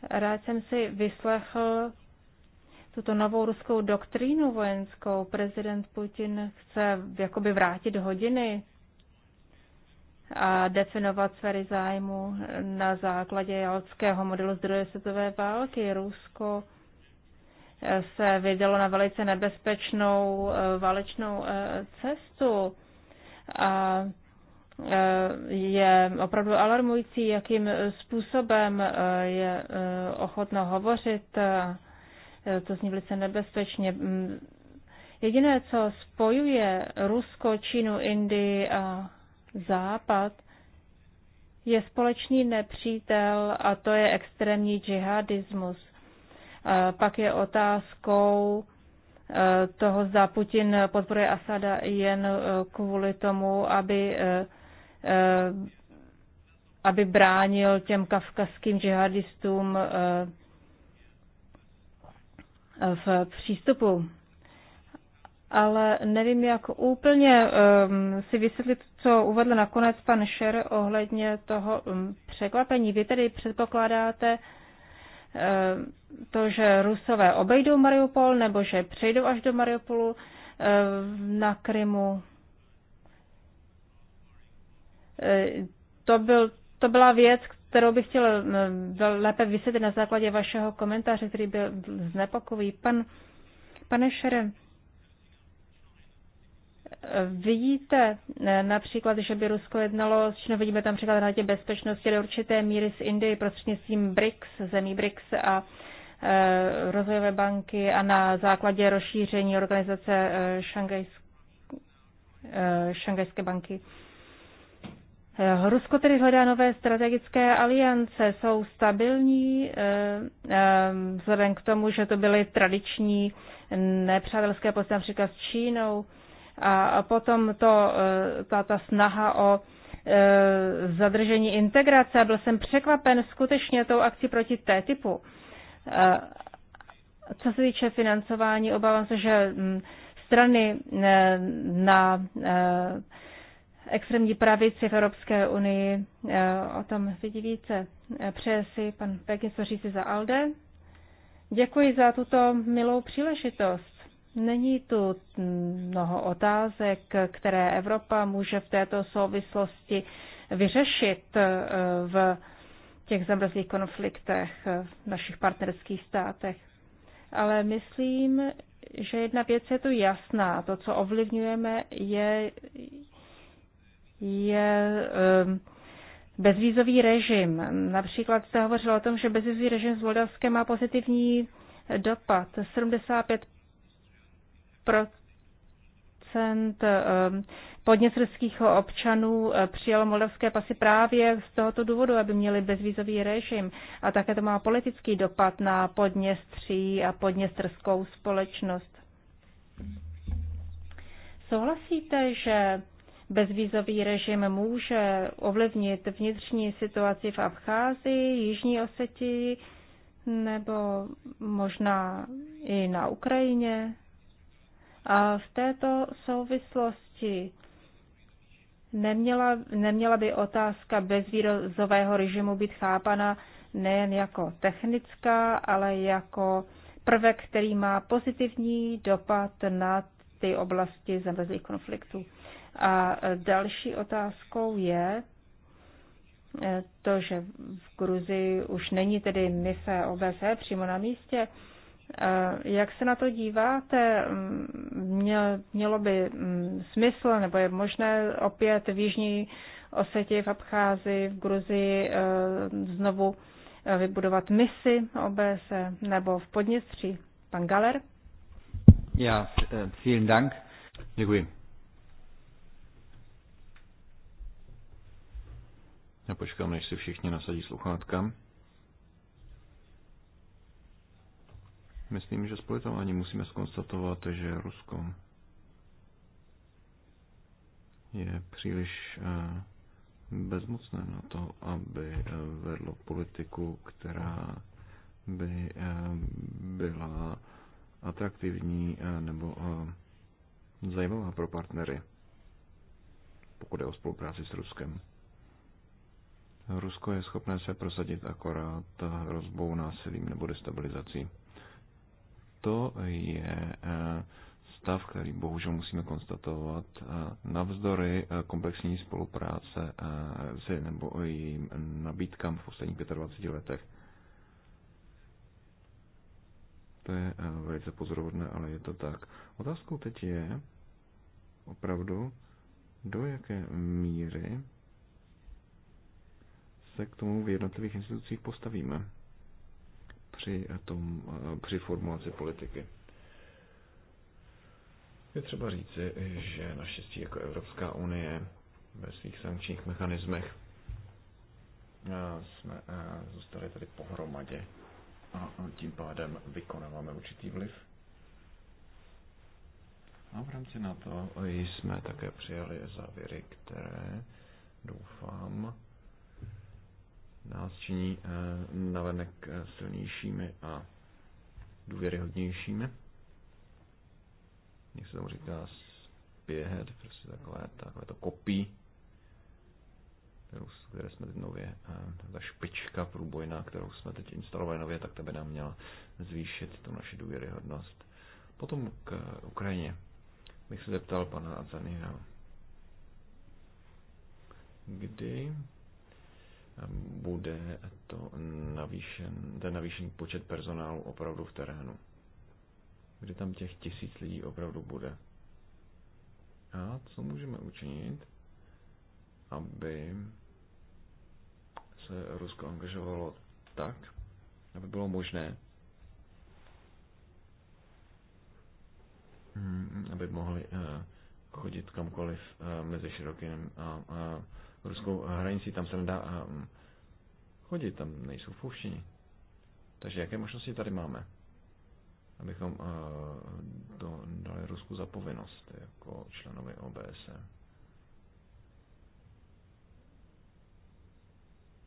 Rád jsem si vyslechl tuto novou ruskou doktrínu vojenskou. Prezident Putin chce jakoby vrátit hodiny a definovat sféry zájmu na základě jalského modelu zdroje světové války. Rusko eh, se vydalo na velice nebezpečnou eh, válečnou eh, cestu a je opravdu alarmující, jakým způsobem je ochotno hovořit Eh, to zní velice nebezpečně. Mm, jediné, co spojuje Rusko, Čínu, Indii a Západ, je společný nepřítel a to je extrémní džihadismus. Eh, pak je otázkou eh, toho, zda Putin podporuje Asada jen kvůli tomu, aby, aby bránil těm kavkazským džihadistům v přístupu. Ale nevím, jak úplně um, si vysvětlit, co uvedl nakonec pan Šer ohledně toho um, překvapení. Vy tedy předpokládáte um, to, že Rusové obejdou Mariupol nebo že přejdou až do Mariupolu um, na Krymu. Uh, to, byl, to byla věc, kterou bych chtěl eh, lépe vysvětlit na základě vašeho komentáře, který byl znepokový. Pan, pane Šere, vidíte eh, například, že by Rusko jednalo, no vidíme tam příklad na bezpečnosti do určité míry s Indie prostřednictvím BRICS, zemí BRICS a eh, rozvojové banky a na základě rozšíření organizace šangajské banky. Eh, Rusko tedy hledá nové strategické aliance, jsou stabilní eh, eh, vzhledem k tomu, že to byly tradiční nepřátelské posty například s Čínou a potom to, ta, ta snaha o zadržení integrace. Byl jsem překvapen skutečně tou akcí proti té typu. Co se týče financování, obávám se, že hm, strany na extrémní pravici v Evropské unii eh, o tom vidí více. Eh, přeje si pan Pekin, co říci za Alde. Děkuji za tuto milou příležitost. Není tu mnoho otázek, které Evropa může v této souvislosti vyřešit eh, v těch zamrzlých konfliktech v našich partnerských státech. Ale myslím, že jedna věc je tu jasná. To, co ovlivňujeme, je je ehm, bezvízový režim. Například jste hovořil o tom, že bezvízový režim s Moldavskem má pozitivní dopad. 75 ehm, podněstrských občanů eh, přijalo moldavské pasy právě z tohoto důvodu, aby měli bezvízový režim. A také to má politický dopad na podněstří a podněstrskou společnost. Souhlasíte, že bezvízový režim může ovlivnit vnitřní situaci v Abcházii, Jižní Osetii nebo možná i na Ukrajině. A v této souvislosti neměla, neměla by otázka bezvízového režimu být chápana nejen jako technická, ale jako prvek, který má pozitivní dopad na ty oblasti zemřelých konfliktů. A další otázkou je eh, to, že v Gruzii už není tedy mise OBSE přímo na místě. Eh, jak se na to díváte? Mm, mělo by mm, smysl, nebo je možné opět v Jižní Osetě, v Abcházi, v Gruzii eh, znovu vybudovat misi OBSE nebo v Podněstří? Pan Galer? Já, vielen Dank. Děkuji. Já počkám, než si všichni nasadí sluchátka. Myslím, že s politováním musíme skonstatovat, že Rusko je příliš eh, bezmocné na to, aby eh, vedlo politiku, která by eh, byla atraktivní nebo zajímavá pro partnery, pokud je o spolupráci s Ruskem. Rusko je schopné se prosadit akorát rozbou násilím nebo destabilizací. To je eh, stav, který bohužel musíme konstatovat eh, navzdory eh, komplexní spolupráce nebo jejím nabídkám v posledních 25 letech. To je velice pozorovodné, ale je to tak. Otázkou teď je opravdu, do jaké míry se k tomu v jednotlivých institucích postavíme při, tom, při formulaci politiky. Je třeba říci, že naštěstí jako Evropská unie ve svých sankčních mechanismech eh, jsme eh, zůstali tady pohromadě a tím pádem vykonáváme určitý vliv. A v rámci na to jsme také přijali závěry, které doufám nás činí eh, navenek eh, silnějšími a důvěryhodnějšími. Jak se tomu říká spěhet, prostě takové, takové to kopí, kterou, které jsme teď nově, eh, ta špička průbojná, kterou jsme teď instalovali nově, tak ta by nám měla zvýšit tu naši důvěryhodnost. Potom k Ukrajině bych se zeptal pana Azaniho. Kdy bude to navýšen, ten navýšený počet personálu opravdu v terénu. Kdy tam těch tisíc lidí opravdu bude. A co můžeme učinit, aby se Rusko angažovalo tak, aby bylo možné, hm, aby mohli eh, chodit kamkoliv eh, mezi Širokým a ruskou hranici tam se nedá eh, chodit, tam nejsou fouštění. Takže jaké možnosti tady máme? Abychom to eh, dali Rusku za povinnost jako členovi OBSE.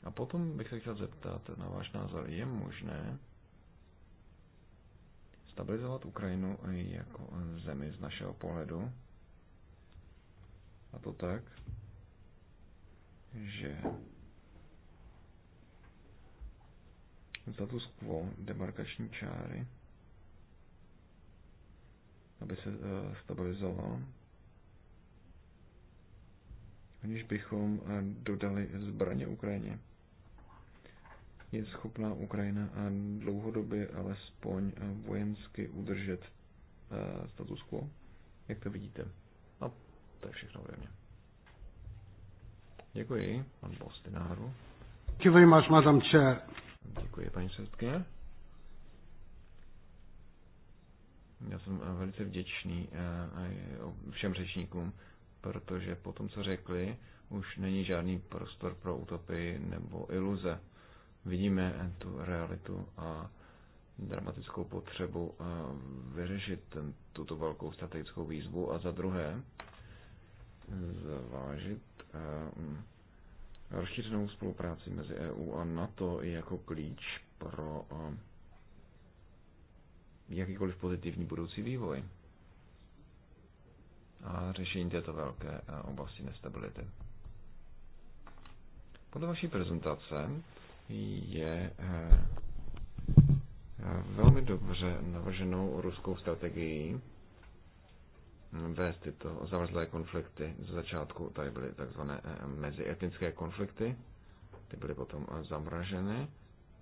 A potom bych se chtěl zeptat na váš názor. Je možné stabilizovat Ukrajinu jako zemi z našeho pohledu? A to tak, že status quo demarkační čáry, aby se eh, stabilizoval, aniž bychom eh, dodali zbraně Ukrajině. Je schopná Ukrajina a eh, dlouhodobě alespoň vojensky udržet status quo, jak to vidíte. A no, to je všechno ode mě. Děkuji, pan Bostináru. Děkuji, máš, madam chair. Děkuji, paní předsedkyně. Já jsem eh, velice vděčný eh, všem řečníkům, protože po tom, co řekli, už není žádný prostor pro utopii nebo iluze. Vidíme eh, tu realitu a dramatickou potřebu vyřešit tuto velkou strategickou výzvu a za druhé zvážit Eh, rozšířenou spolupráci mezi EU a NATO je jako klíč pro eh, jakýkoliv pozitivní budoucí vývoj a řešení této velké eh, oblasti nestability. Podle vaší prezentace je velmi dobře navrženou ruskou strategií vést tyto zavrzlé konflikty. Z začátku tady byly takzvané eh, mezietnické konflikty, ty byly potom eh, zamraženy,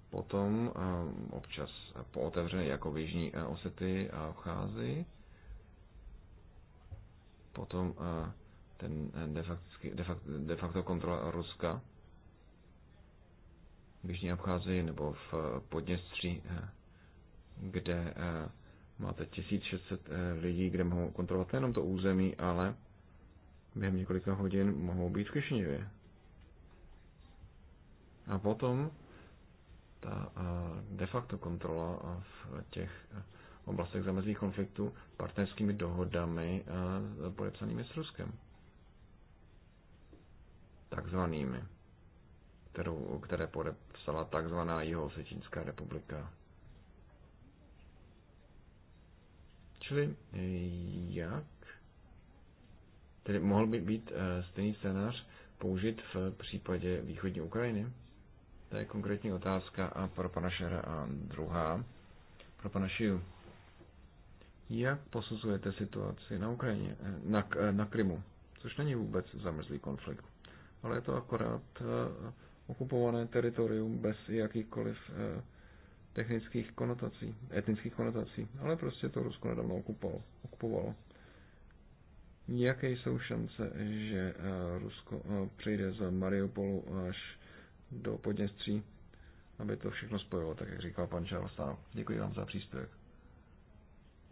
potom eh, občas pootevřeny jako v Jižní Osety a Abcházii, potom ten de facto, de facto, de facto kontrola Ruska v Jižní Abcházii nebo v Podněstří, kde Máte 1600 eh, lidí, kde mohou kontrolovat nejenom to území, ale během několika hodin mohou být v Kišiněvě. A potom ta eh, de facto kontrola eh, v těch oblastech zamezí konfliktu partnerskými dohodami podepsanými s Ruskem. Takzvanými, kterou, které podepsala takzvaná Jihosečínská republika. Čili e, jak tedy mohl by být e, stejný scénář použit v případě východní Ukrajiny? To je konkrétní otázka a pro pana Šera a druhá pro pana Šiju. Jak posuzujete situaci na Ukrajině, e, na, na Krymu, což není vůbec zamrzlý konflikt, ale je to akorát okupované teritorium bez jakýchkoliv technických konotací, etnických konotací, ale prostě to Rusko nedávno okupovalo. okupovalo. Jaké jsou šance, že eh, Rusko eh, přijde z Mariupolu až do Podněstří, aby to všechno spojilo, tak jak říkal pan Čarostán. Děkuji vám za příspěvek.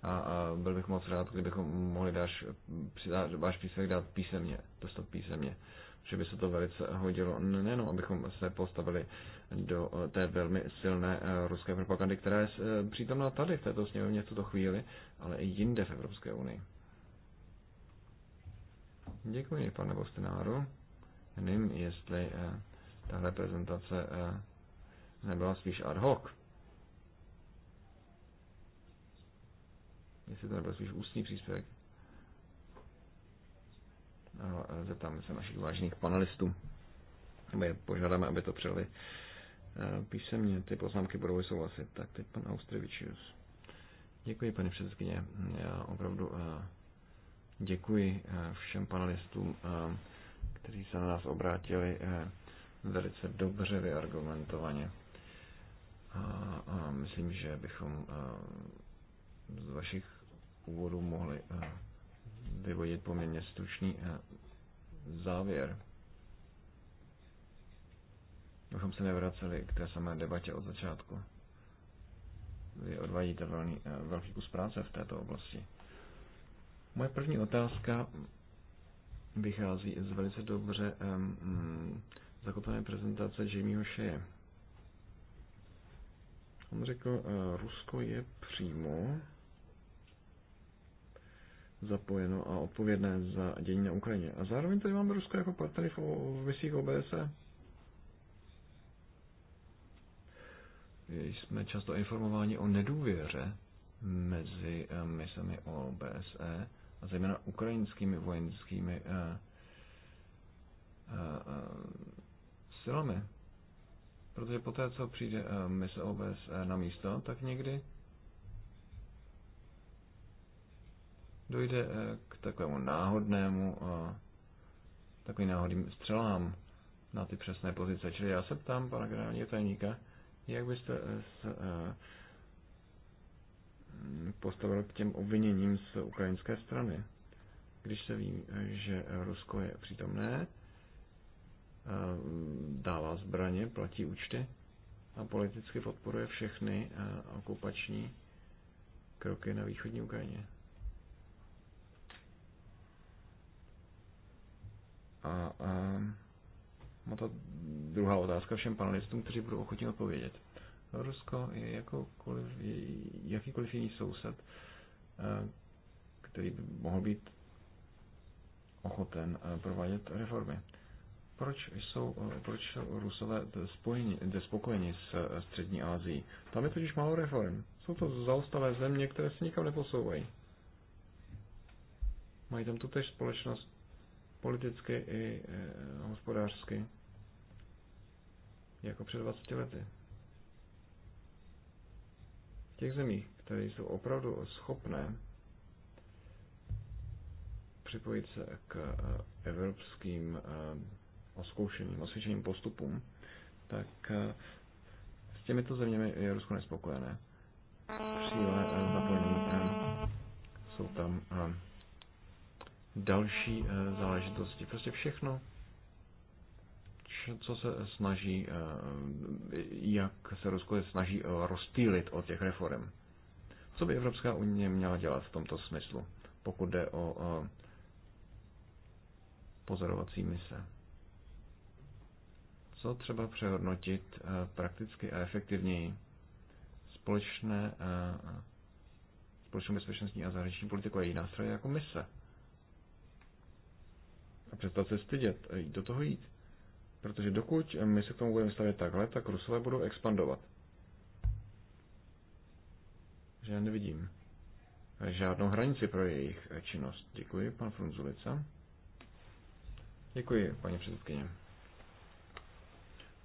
A, a byl bych moc rád, kdybychom mohli dáš, dáš příspěvek dát písemně, dostat písemně že by se to velice hodilo, nejenom abychom se postavili do eh, té velmi silné eh, ruské propagandy, která je eh, přítomná tady v této sněmovně v tuto chvíli, ale i jinde v Evropské unii. Děkuji, pane Bostináru. Nevím, jestli tahle prezentace nebyla spíš ad hoc. Jestli to nebyl spíš ústní příspěvek a zeptáme se našich vážných panelistů. Nebo je požádáme, aby to přeli eh, písemně. Ty poznámky budou souhlasit. Tak teď pan Austrevičius. Děkuji, paní předsedkyně. Já opravdu eh, děkuji eh, všem panelistům, kteří se na nás obrátili velice dobře vyargumentovaně. A myslím, že bychom z vašich úvodů mohli vyvodit poměrně stručný eh, závěr. Abychom se nevraceli k té samé debatě od začátku. Vy odvádíte velmi, eh, velký kus práce v této oblasti. Moje první otázka vychází z velice dobře um, mm, zakotvené prezentace Jamieho Shea. On řekl, uh, Rusko je přímo zapojeno a odpovědné za dění na Ukrajině. A zároveň tady máme Rusko jako partnery v vysích OBSE. Jsme často informováni o nedůvěře mezi eh, misemi OBSE a zejména ukrajinskými vojenskými eh, eh, silami. Protože poté, co přijde mise OBSE na místo, tak někdy dojde eh, k takovému náhodnému, eh, takovým náhodným střelám na ty přesné pozice. Čili já se ptám pana generálního tajemníka, jak byste eh, s, postavil k těm obviněním z ukrajinské strany, když se ví, že Rusko je přítomné, dává zbraně, platí účty a politicky podporuje všechny okupační kroky na východní Ukrajině. A, a má ta druhá otázka všem panelistům, kteří budou ochotní odpovědět. Rusko je jakoukoliv, jakýkoliv jiný soused, e, který by mohl být ochoten e, provádět reformy. Proč jsou, e, proč jsou Rusové spokojeni s střední Asií? Tam je totiž málo reform. Jsou to zaostalé země, které se nikam neposouvají. Mají tam tu společnost politicky i eh, hospodářsky jako před 20 lety. V těch zemích, které jsou opravdu schopné připojit se k eh, evropským eh, oskoušeným, osvědčeným postupům, tak s těmito zeměmi je Rusko nespokojené. Příle zapojení jsou tam další eh, záležitosti. Prostě všechno, co se snaží, eh, jak se Rusko snaží eh, rozstýlit od těch reform. Co by Evropská unie měla dělat v tomto smyslu, pokud jde o pozorovací mise? Co třeba přehodnotit prakticky a efektivněji? Společné, společnou bezpečnostní a zahraniční politiku a její nástroje jako mise a přestat se stydět, do toho jít. Protože dokud my se k tomu budeme stavět takhle, tak Rusové budou expandovat. Že já nevidím žádnou hranici pro jejich činnost. Děkuji, pan Frunzulica. Děkuji, paní předsedkyně.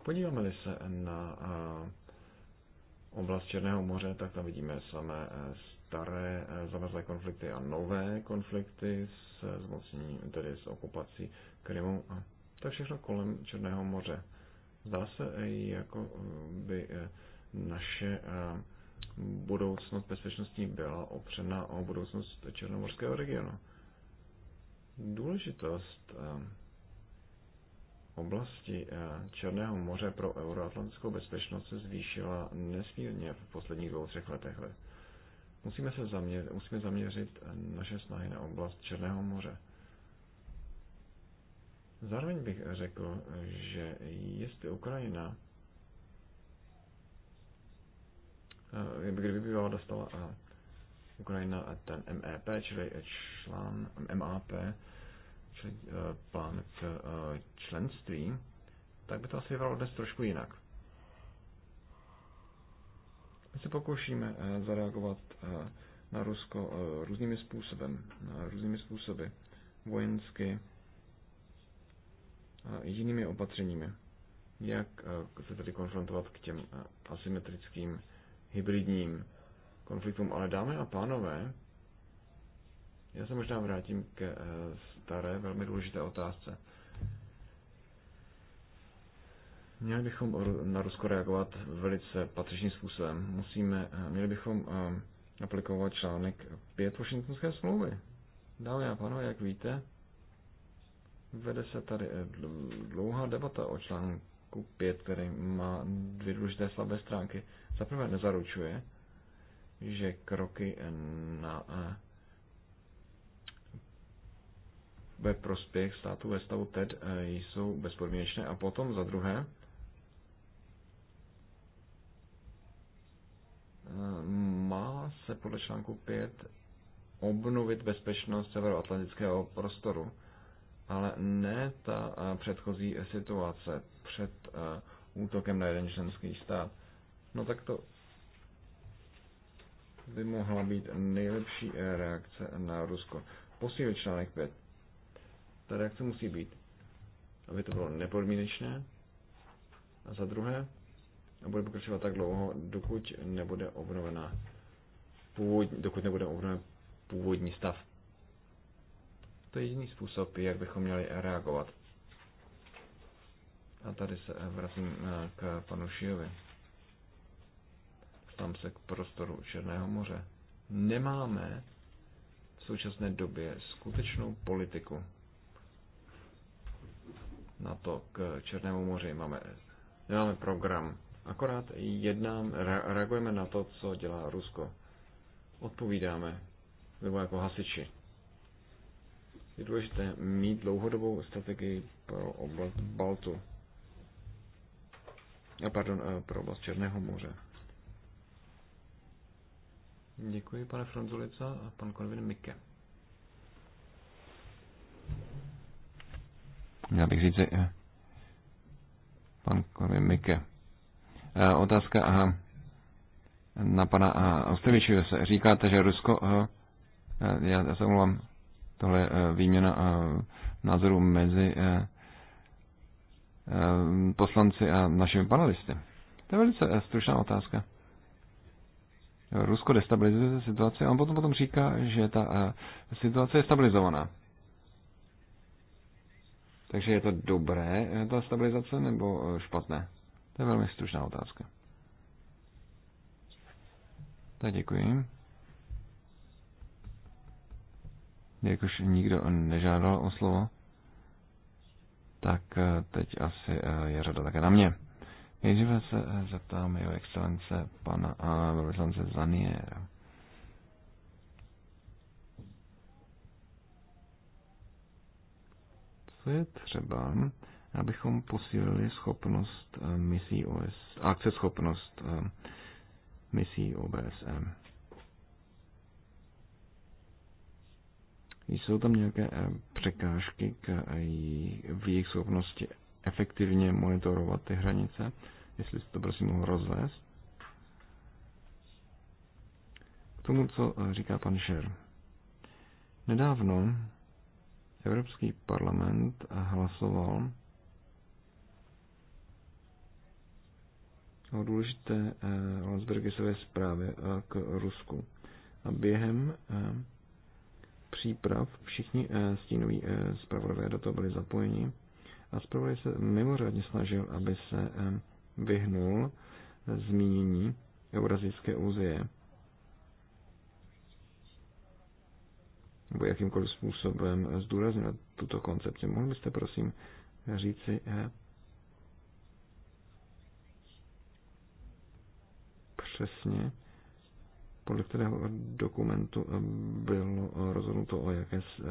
Podíváme-li se na eh, oblast Černého moře, tak tam vidíme samé eh, staré eh, zamrzlé konflikty a nové konflikty s eh, zmocnění, tedy s okupací Krymu a to je všechno kolem Černého moře. Zdá se, eh, jako by naše budoucnost bezpečnostní byla opřena o budoucnost Černomorského regionu. Důležitost oblasti Černého moře pro euroatlantickou bezpečnost se zvýšila nesmírně v posledních dvou, třech letech. Let. Musíme se zaměřit, musíme zaměřit eh, naše snahy na oblast Černého moře. Zároveň bych řekl, že jestli Ukrajina eh, kdyby byla dostala eh, e a Ukrajina a ten MEP, čili člán MAP, čili plán k členství, tak by to asi vypadalo dnes trošku jinak. My se pokoušíme zareagovat Eh, na Rusko eh, různými způsobem, různými způsoby, vojensky a eh, jinými opatřeními. Jak se tedy konfrontovat k těm asymetrickým hybridním konfliktům. Ale dámy a pánové, já se možná vrátím ke staré, velmi důležité otázce. Měli bychom na Rusko reagovat velice patřičným způsobem. Musíme, měli bychom aplikovat článek 5 Washingtonské smlouvy. Dámy a pánové, jak víte, vede se tady eh, dlouhá debata o článku 5, který má dvě důležité slabé stránky. Za prvé nezaručuje, že kroky eh, na eh, ve prospěch státu ve stavu TED jsou bezpodmínečné. A potom za druhé, Eh, má se podle článku 5 obnovit bezpečnost severoatlantického prostoru, ale ne ta eh, předchozí situace před eh, útokem na jeden členský stát. No tak to by mohla být nejlepší reakce na Rusko. Posílit článek 5. Ta reakce musí být, aby to bylo nepodmínečné. A za druhé, a bude pokračovat tak dlouho, dokud nebude obnovená původní, dokud nebude obnoven původní stav. To je jediný způsob, jak bychom měli reagovat. A tady se vracím eh, k panu Šijovi. Tam se k prostoru Černého moře. Nemáme v současné době skutečnou politiku na to k Černému moři. Máme, nemáme program Akorát jednám, reagujeme na to, co dělá Rusko. Odpovídáme, nebo jako hasiči. Je důležité mít dlouhodobou strategii pro oblast Baltu. A pardon, eh, pro oblast Černého moře. Děkuji, pane Franzulica a pan Konvin Mike. Já bych říct, že eh, pan Korvin Mike. Eh, otázka aha, eh, na pana eh, Osteviče se. Říkáte, že Rusko, já, já se omlouvám, tohle výměna názorů mezi poslanci a našimi panelisty. To je velice stručná otázka. Rusko destabilizuje situaci a on potom, potom říká, že ta situace je stabilizovaná. Takže je to dobré, ta stabilizace, nebo špatné? To je velmi stručná otázka. Tak děkuji. Jakož nikdo nežádal o slovo, tak eh, teď asi eh, je řada také na mě. Nejdříve se eh, zeptám jeho excelence pana a velvyslance Zaniera. Co je třeba, abychom posílili schopnost eh, misí OS, akceschopnost eh, misí OBSM. Jsou tam nějaké eh, překážky k, v jejich schopnosti efektivně monitorovat ty hranice? Jestli si to prosím mohl rozvést. K tomu, co říká pan Šer. Nedávno Evropský parlament hlasoval o důležité eh, Landsbergisové zprávy eh, k Rusku. A během eh, příprav všichni stínoví zpravodové do toho byli zapojeni a zpravodaj se mimořádně snažil, aby se vyhnul zmínění Eurazijské úzie nebo jakýmkoliv způsobem zdůraznit tuto koncepci. Mohl byste prosím říci, přesně, podle kterého dokumentu eh, bylo eh, rozhodnuto o jaké eh,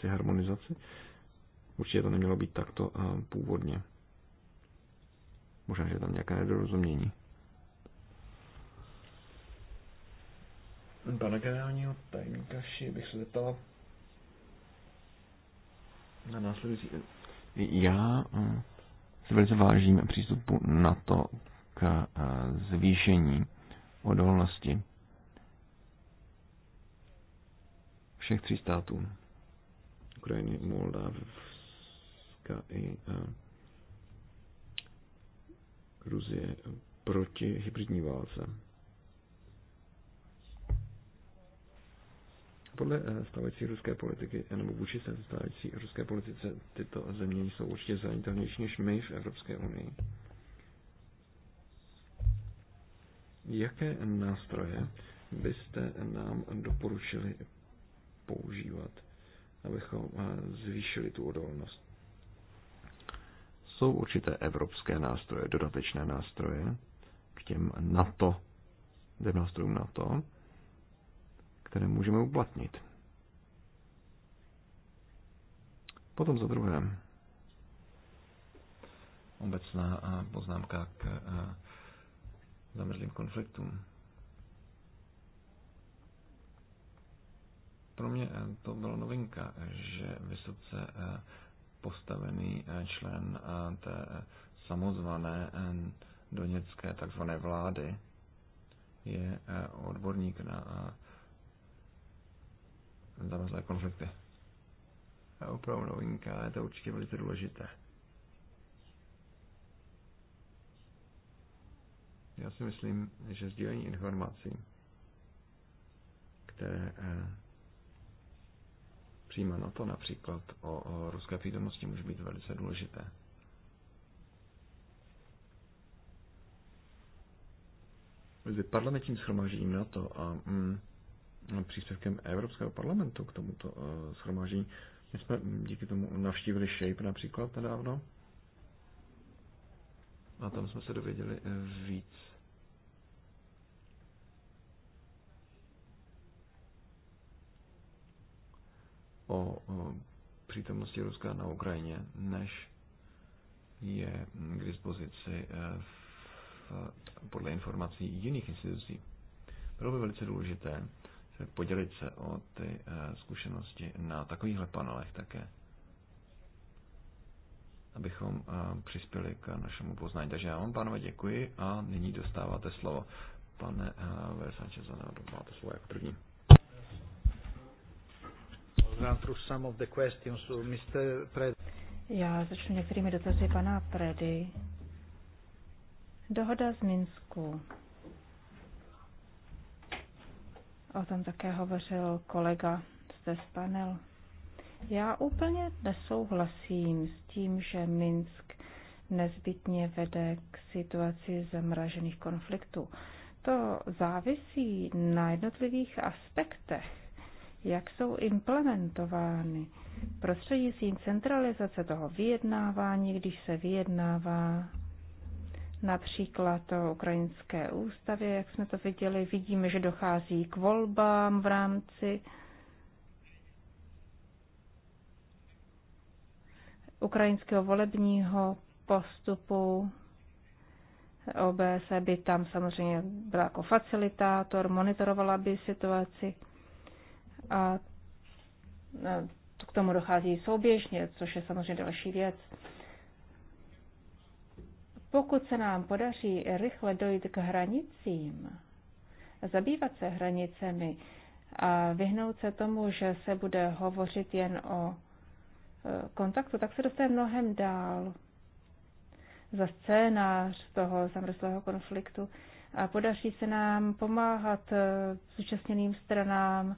si harmonizaci. Určitě to nemělo být takto původně. Možná, že tam nějaké nedorozumění. Pane generálního tajemníka bych se zeptal na následující. Já si velice vážím přístupu na to k zvýšení odolnosti všech tří států. Ukrajiny, Moldavska i eh, Gruzie proti hybridní válce. Podle eh, stávající ruské politiky, eh, nebo vůči se stávající ruské politice, tyto země jsou určitě zranitelnější než my v Evropské unii. Jaké nástroje byste nám doporučili používat, abychom eh, zvýšili tu odolnost? Jsou určité evropské nástroje, dodatečné nástroje k těm NATO, těm nástrojům NATO, které můžeme uplatnit. Potom za druhé, obecná eh, poznámka k eh, zamrzlým konfliktům. Pro mě eh, to byla novinka, že vysoce eh, postavený eh, člen té samozvané doněcké takzvané vlády je odborník na zamrzlé konflikty. A opravdu novinka, je to určitě velice důležité. Já si myslím, že sdílení informací, které eh, přímo na to například o, o ruské přítomnosti, může být velice důležité. Mezi parlamentním schromážením to a mm, příspěvkem Evropského parlamentu k tomuto uh, eh, schromážení. My jsme mm, díky tomu navštívili Shape například nedávno. A tam jsme se dověděli eh, víc. O přítomnosti Ruska na Ukrajině, než je k dispozici eh, v, podle informací jiných institucí. Bylo by velice důležité se podělit se o ty eh, zkušenosti na takovýchhle panelech také abychom eh, přispěli k našemu poznání. Takže já vám, pánové, děkuji a nyní dostáváte slovo. Pane eh, Versanče, za máte slovo jako první. Uh, já začnu některými dotazy pana Predy. Dohoda z Minsku. O tom také hovořil kolega z panel. Já úplně nesouhlasím s tím, že Minsk nezbytně vede k situaci zamražených konfliktů. To závisí na jednotlivých aspektech, jak jsou implementovány prostřednictvím centralizace toho vyjednávání, když se vyjednává například o ukrajinské ústavě, jak jsme to viděli, vidíme, že dochází k volbám v rámci ukrajinského volebního postupu OBSE by tam samozřejmě byla jako facilitátor, monitorovala by situaci a k tomu dochází souběžně, což je samozřejmě další věc. Pokud se nám podaří rychle dojít k hranicím, zabývat se hranicemi a vyhnout se tomu, že se bude hovořit jen o Eh, kontaktu, tak se dostane mnohem dál za scénář toho zamrzlého konfliktu a podaří se nám pomáhat eh, zúčastněným stranám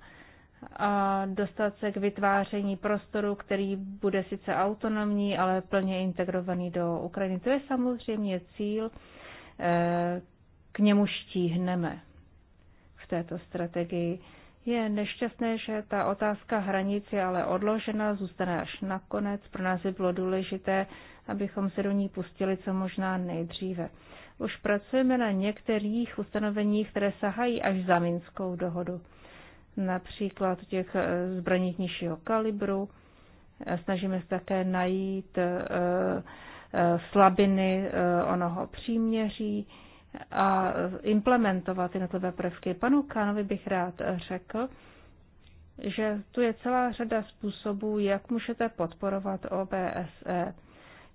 a dostat se k vytváření prostoru, který bude sice autonomní, ale plně integrovaný do Ukrajiny. To je samozřejmě cíl, eh, k němu štíhneme v této strategii. Je nešťastné, že ta otázka hranic je ale odložena, zůstane až nakonec. Pro nás by bylo důležité, abychom se do ní pustili co možná nejdříve. Už pracujeme na některých ustanoveních, které sahají až za Minskou dohodu. Například těch eh, zbraní nižšího kalibru. Eh, Snažíme se také najít eh, slabiny onoho příměří a implementovat jednotlivé prvky. Panu Kánovi bych rád řekl, že tu je celá řada způsobů, jak můžete podporovat OBSE.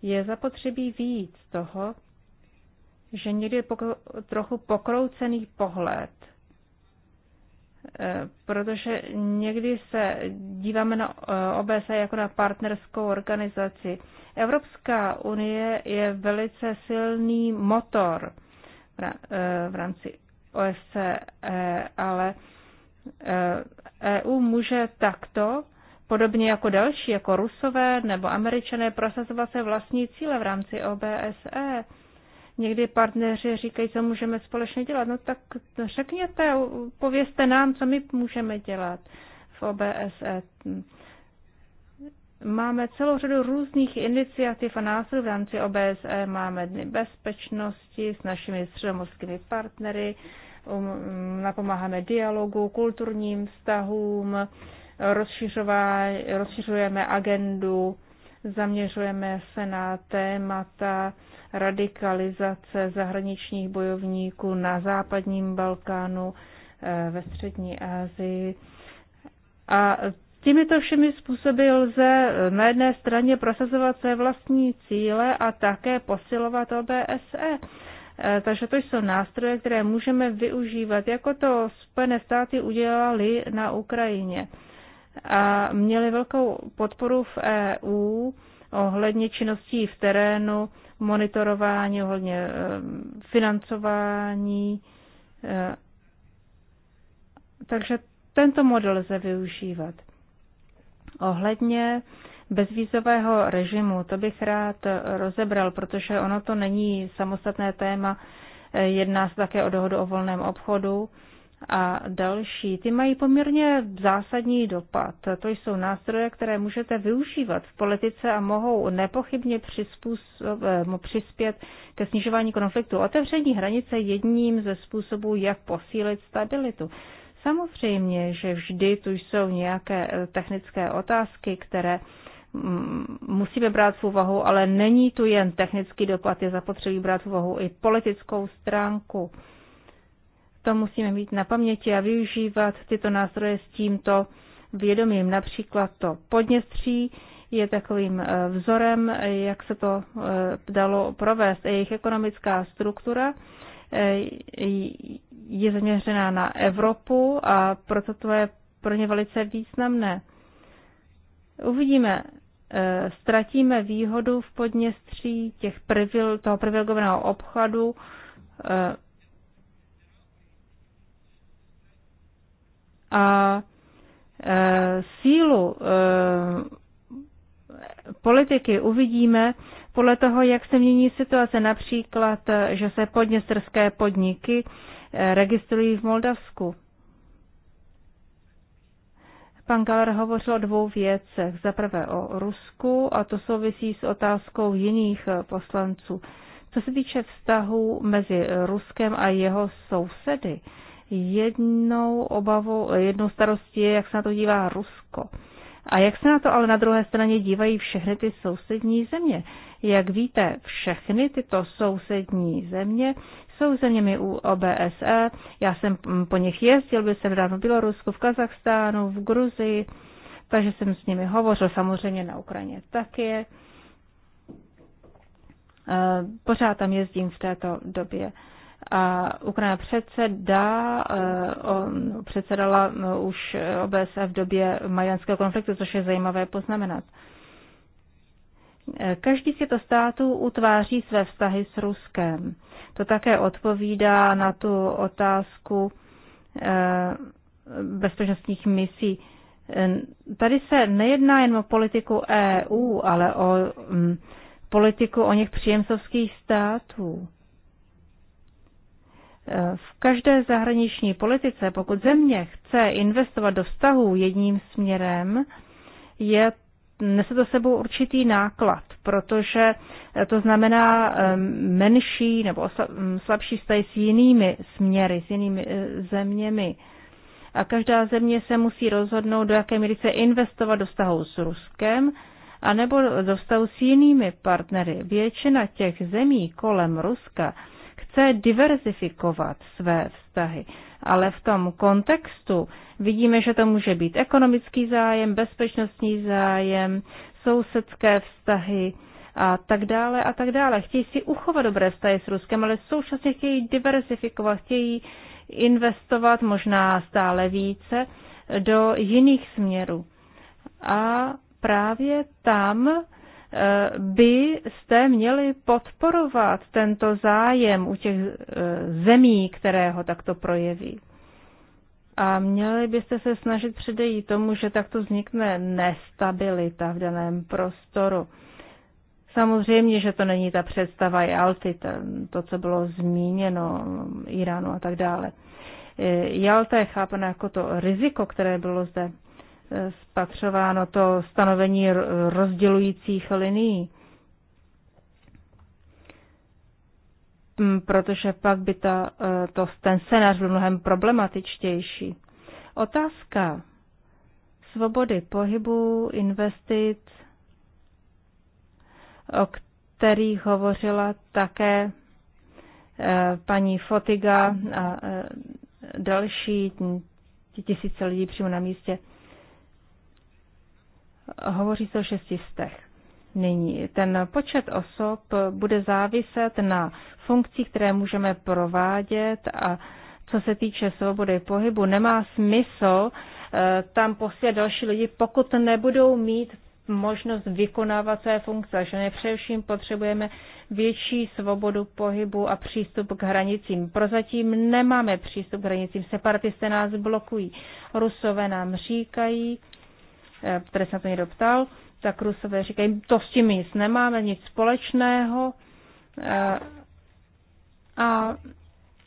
Je zapotřebí víc toho, že někdy je pokro, trochu pokroucený pohled, e, protože někdy se díváme na OBSE e jako na partnerskou organizaci. Evropská unie je velice silný motor, Eh, v rámci OSCE, ale EU eh, e může takto, podobně jako další, jako Rusové nebo Američané, prosazovat se vlastní cíle v rámci OBSE. Někdy partneři říkají, co můžeme společně dělat. No tak řekněte, povězte nám, co my můžeme dělat v OBSE. Máme celou řadu různých iniciativ a nástrojů v rámci OBSE. Máme dny bezpečnosti s našimi středomorskými partnery, um, napomáháme dialogu, kulturním vztahům, rozšiřujeme agendu, zaměřujeme se na témata radikalizace zahraničních bojovníků na západním Balkánu, eh, ve střední Asii. A Těmito všemi způsoby lze eh, na jedné straně prosazovat své vlastní cíle a také posilovat OBSE. Eh, takže to jsou nástroje, které můžeme využívat, jako to Spojené státy udělali na Ukrajině. A měli velkou podporu v EU ohledně činností v terénu, monitorování, ohledně eh, financování. Takže tento model lze využívat. Ohledně bezvízového režimu, to bych rád rozebral, protože ono to není samostatné téma, jedná se také o dohodu o volném obchodu a další. Ty mají poměrně zásadní dopad. To jsou nástroje, které můžete využívat v politice a mohou nepochybně eh, přispět ke snižování konfliktu. Otevření hranice je jedním ze způsobů, jak posílit stabilitu. Samozřejmě, že vždy tu jsou nějaké eh, technické otázky, které mm, musíme brát v úvahu, ale není tu jen technický dopad, je zapotřebí brát v úvahu i politickou stránku. To musíme mít na paměti a využívat tyto nástroje s tímto vědomím. Například to Podněstří je takovým eh, vzorem, eh, jak se to dalo provést. Jejich ekonomická struktura je zaměřená na Evropu a proto to je pro ně velice významné. Uvidíme, e, ztratíme výhodu v podněstří těch privil, toho privilegovaného obchodu, e, a e, sílu politiky uvidíme podle toho, jak se mění situace. Například, že se podněstrské podniky registrují v Moldavsku. Pan Galer hovořil o dvou věcech. Za prvé o Rusku a to souvisí s otázkou jiných poslanců. Co se týče vztahu mezi Ruskem a jeho sousedy, jednou obavou, jednou starostí je, jak se na to dívá Rusko. A jak se na to ale na druhé straně dívají všechny ty sousední země? Jak víte, všechny tyto sousední země jsou zeměmi u OBSE. Já jsem po nich jezdil, byl jsem dávno v Bělorusku, v Kazachstánu, v Gruzii, takže jsem s nimi hovořil, samozřejmě na Ukrajině taky. E, pořád tam jezdím v této době. A Ukrajina předsedá, e, předsedala e, už OBSE v době majanského konfliktu, což je zajímavé poznamenat. Každý z těchto států utváří své vztahy s Ruskem. To také odpovídá na tu otázku eh, bezpečnostních misí. Eh, tady se nejedná jen o politiku EU, ale o mm, politiku o něch příjemcovských států. Eh, v každé zahraniční politice, pokud země chce investovat do vztahů jedním směrem, je, nese to sebou určitý náklad protože eh, to znamená eh, menší nebo mm, slabší vztahy s jinými směry, s jinými eh, zeměmi. A každá země se musí rozhodnout, do jaké míry se investovat do vztahu s Ruskem, anebo do vztahu s jinými partnery. Většina těch zemí kolem Ruska chce diverzifikovat své vztahy, ale v tom kontextu vidíme, že to může být ekonomický zájem, bezpečnostní zájem, sousedské vztahy a tak dále a tak dále. Chtějí si uchovat dobré vztahy s Ruskem, ale současně chtějí diversifikovat, chtějí investovat možná stále více do jiných směrů. A právě tam eh, byste měli podporovat tento zájem u těch eh, zemí, které ho takto projeví a měli byste se snažit předejít tomu, že takto vznikne nestabilita v daném prostoru. Samozřejmě, že to není ta představa Jalty, to, co bylo zmíněno Iránu a tak dále. E, Jalta je chápana jako to riziko, které bylo zde e, spatřováno, to stanovení rozdělujících linií. Mm, protože pak by ta, eh, to, ten scénář byl mnohem problematičtější. Otázka svobody pohybu, investic, o kterých hovořila také eh, paní Fotiga a eh, další tisíce lidí přímo na místě. Hovoří se o šestistech nyní. Ten počet osob bude záviset na funkcích, které můžeme provádět a co se týče svobody pohybu, nemá smysl eh, tam posílat další lidi, pokud nebudou mít možnost vykonávat své funkce, že nepředevším potřebujeme větší svobodu pohybu a přístup k hranicím. Prozatím nemáme přístup k hranicím, separatisté nás blokují. Rusové nám říkají, eh, které se na to někdo ptal, tak Rusové říkají, to s tím nic nemáme, nic společného. E, a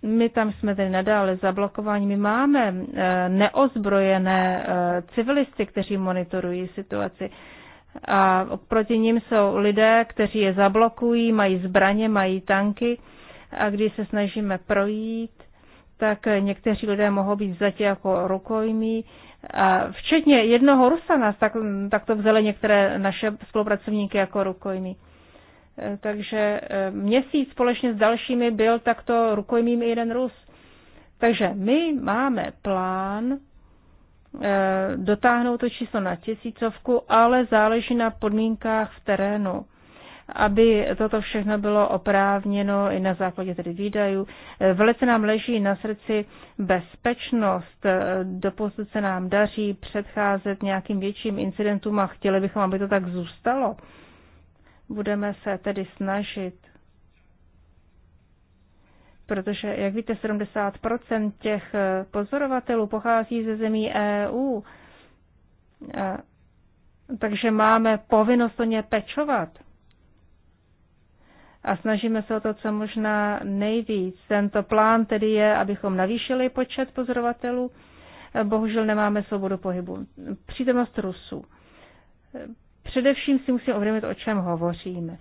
my tam jsme tedy nadále zablokováni. My máme e, neozbrojené e, civilisty, kteří monitorují situaci. A proti ním jsou lidé, kteří je zablokují, mají zbraně, mají tanky. A když se snažíme projít, tak někteří lidé mohou být zatím jako rukojmí včetně jednoho nás tak, tak to vzali některé naše spolupracovníky jako rukojmí. E, takže e, měsíc společně s dalšími byl takto rukojmím i jeden Rus. Takže my máme plán e, dotáhnout to číslo na tisícovku, ale záleží na podmínkách v terénu aby toto všechno bylo oprávněno i na základě tedy výdajů. Velice nám leží na srdci bezpečnost. Doposud se nám daří předcházet nějakým větším incidentům a chtěli bychom, aby to tak zůstalo. Budeme se tedy snažit protože, jak víte, 70% těch pozorovatelů pochází ze zemí EU. Takže máme povinnost o ně pečovat a snažíme se o to, co možná nejvíc. Tento plán tedy je, abychom navýšili počet pozorovatelů. Bohužel nemáme svobodu pohybu. Přítomnost Rusů. Především si musíme uvědomit, o čem hovoříme.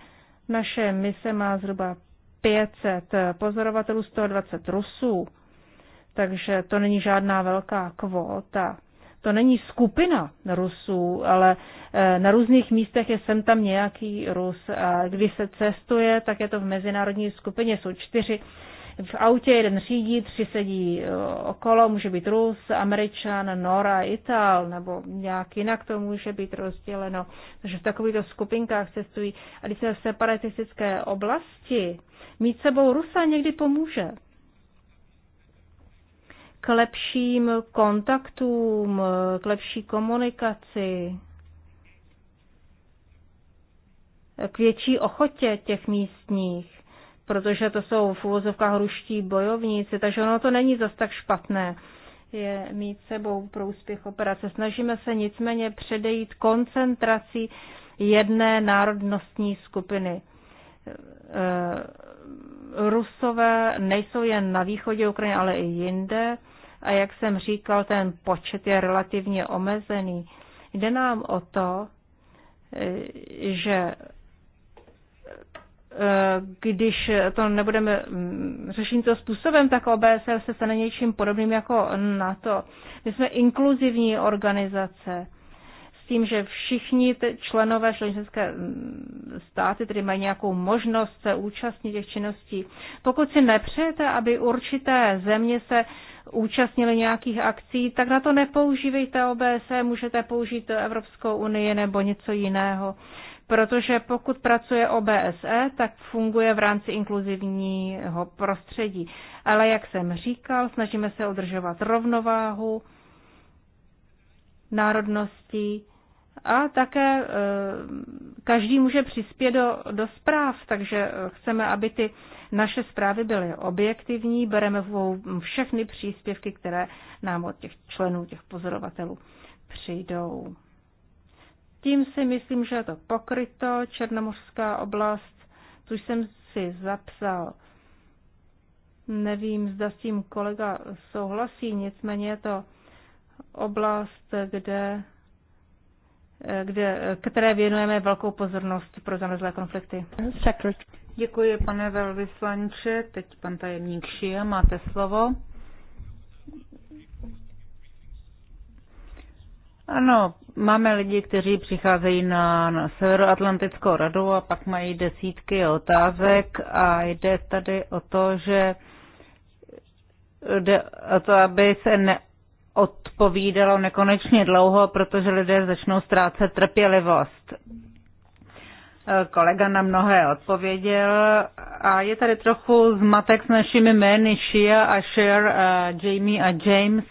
Naše mise má zhruba 500 pozorovatelů, 120 Rusů, takže to není žádná velká kvóta. To není skupina Rusů, ale eh, na různých místech je sem tam nějaký Rus. A když se cestuje, tak je to v mezinárodní skupině, jsou čtyři v autě jeden řídí, tři sedí eh, okolo, může být Rus, Američan, Nora, Ital, nebo nějak jinak to může být rozděleno. Takže v takovýchto skupinkách cestují. A když se v separatistické oblasti, mít sebou Rusa někdy pomůže k lepším kontaktům, k lepší komunikaci, k větší ochotě těch místních, protože to jsou v úvozovkách ruští bojovníci, takže ono to není zas tak špatné je mít sebou pro úspěch operace. Snažíme se nicméně předejít koncentraci jedné národnostní skupiny. Eh, Rusové nejsou jen na východě Ukrajiny, ale i jinde. A jak jsem říkal, ten počet je relativně omezený. Jde nám o to, eh, že eh, když to nebudeme mm, řešit to způsobem, tak OBSL se stane něčím podobným jako NATO. My jsme inkluzivní organizace s tím, že všichni členové členské mm, státy tedy mají nějakou možnost se účastnit těch činností. Pokud si nepřejete, aby určité země se účastnili nějakých akcí, tak na to nepoužívejte OBSE, můžete použít Evropskou unii nebo něco jiného. Protože pokud pracuje OBSE, tak funguje v rámci inkluzivního prostředí. Ale jak jsem říkal, snažíme se udržovat rovnováhu národností, a také eh, každý může přispět do, do zpráv, takže eh, chceme, aby ty naše zprávy byly objektivní, bereme všechny příspěvky, které nám od těch členů, těch pozorovatelů přijdou. Tím si myslím, že je to pokryto, Černomořská oblast, tu jsem si zapsal. Nevím, zda s tím kolega souhlasí, nicméně je to oblast, kde kde, které věnujeme velkou pozornost pro zamrzlé konflikty. Děkuji, pane velvyslanče. Teď pan tajemník Šia, máte slovo. Ano, máme lidi, kteří přicházejí na, na Severoatlantickou radu a pak mají desítky otázek a jde tady o to, že jde o to, aby se ne, odpovídalo nekonečně dlouho, protože lidé začnou ztrácet trpělivost. Kolega na mnohé odpověděl a je tady trochu zmatek s našimi jmény Shia a Cher, a eh, Jamie a James,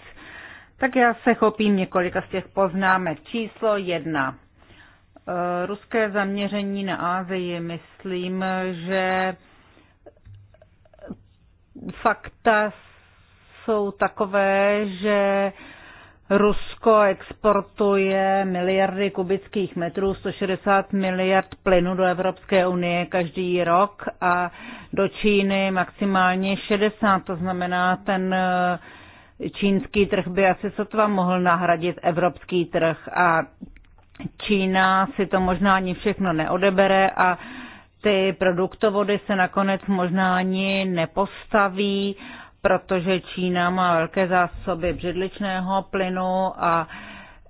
tak já se chopím několika z těch poznámek. Číslo jedna. Eh, ruské zaměření na Ázii, myslím, že fakta jsou takové, že Rusko exportuje miliardy kubických metrů, 160 miliard plynu do Evropské unie každý rok a do Číny maximálně 60. To znamená, ten eh, čínský trh by asi sotva mohl nahradit evropský trh a Čína si to možná ani všechno neodebere a ty produktovody se nakonec možná ani nepostaví protože Čína má velké zásoby břidličného plynu a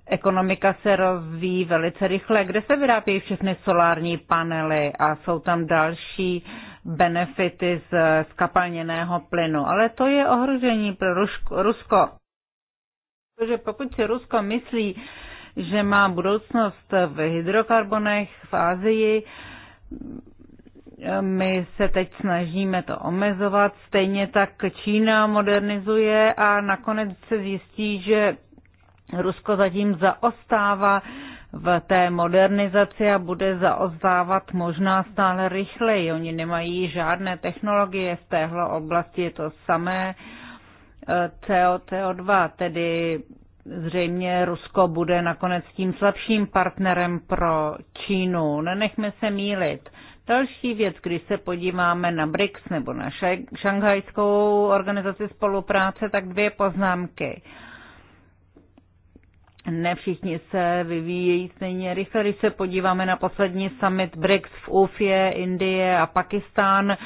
ekonomika se rozvíjí velice rychle. Kde se vyrábějí všechny solární panely a jsou tam další benefity z skapalněného plynu. Ale to je ohrožení pro Rusko. Protože pokud si Rusko myslí, že má budoucnost v hydrokarbonech v Ázii, my se teď snažíme to omezovat, stejně tak Čína modernizuje a nakonec se zjistí, že Rusko zatím zaostává v té modernizaci a bude zaostávat možná stále rychleji. Oni nemají žádné technologie v téhle oblasti, je to samé eh, CO, CO2, tedy zřejmě Rusko bude nakonec tím slabším partnerem pro Čínu. Nenechme se mílit. Další věc, když se podíváme na BRICS nebo na Šanghajskou organizaci spolupráce, tak dvě poznámky. Ne všichni se vyvíjejí stejně rychle. Když se podíváme na poslední summit BRICS v Ufě, Indie a Pakistán,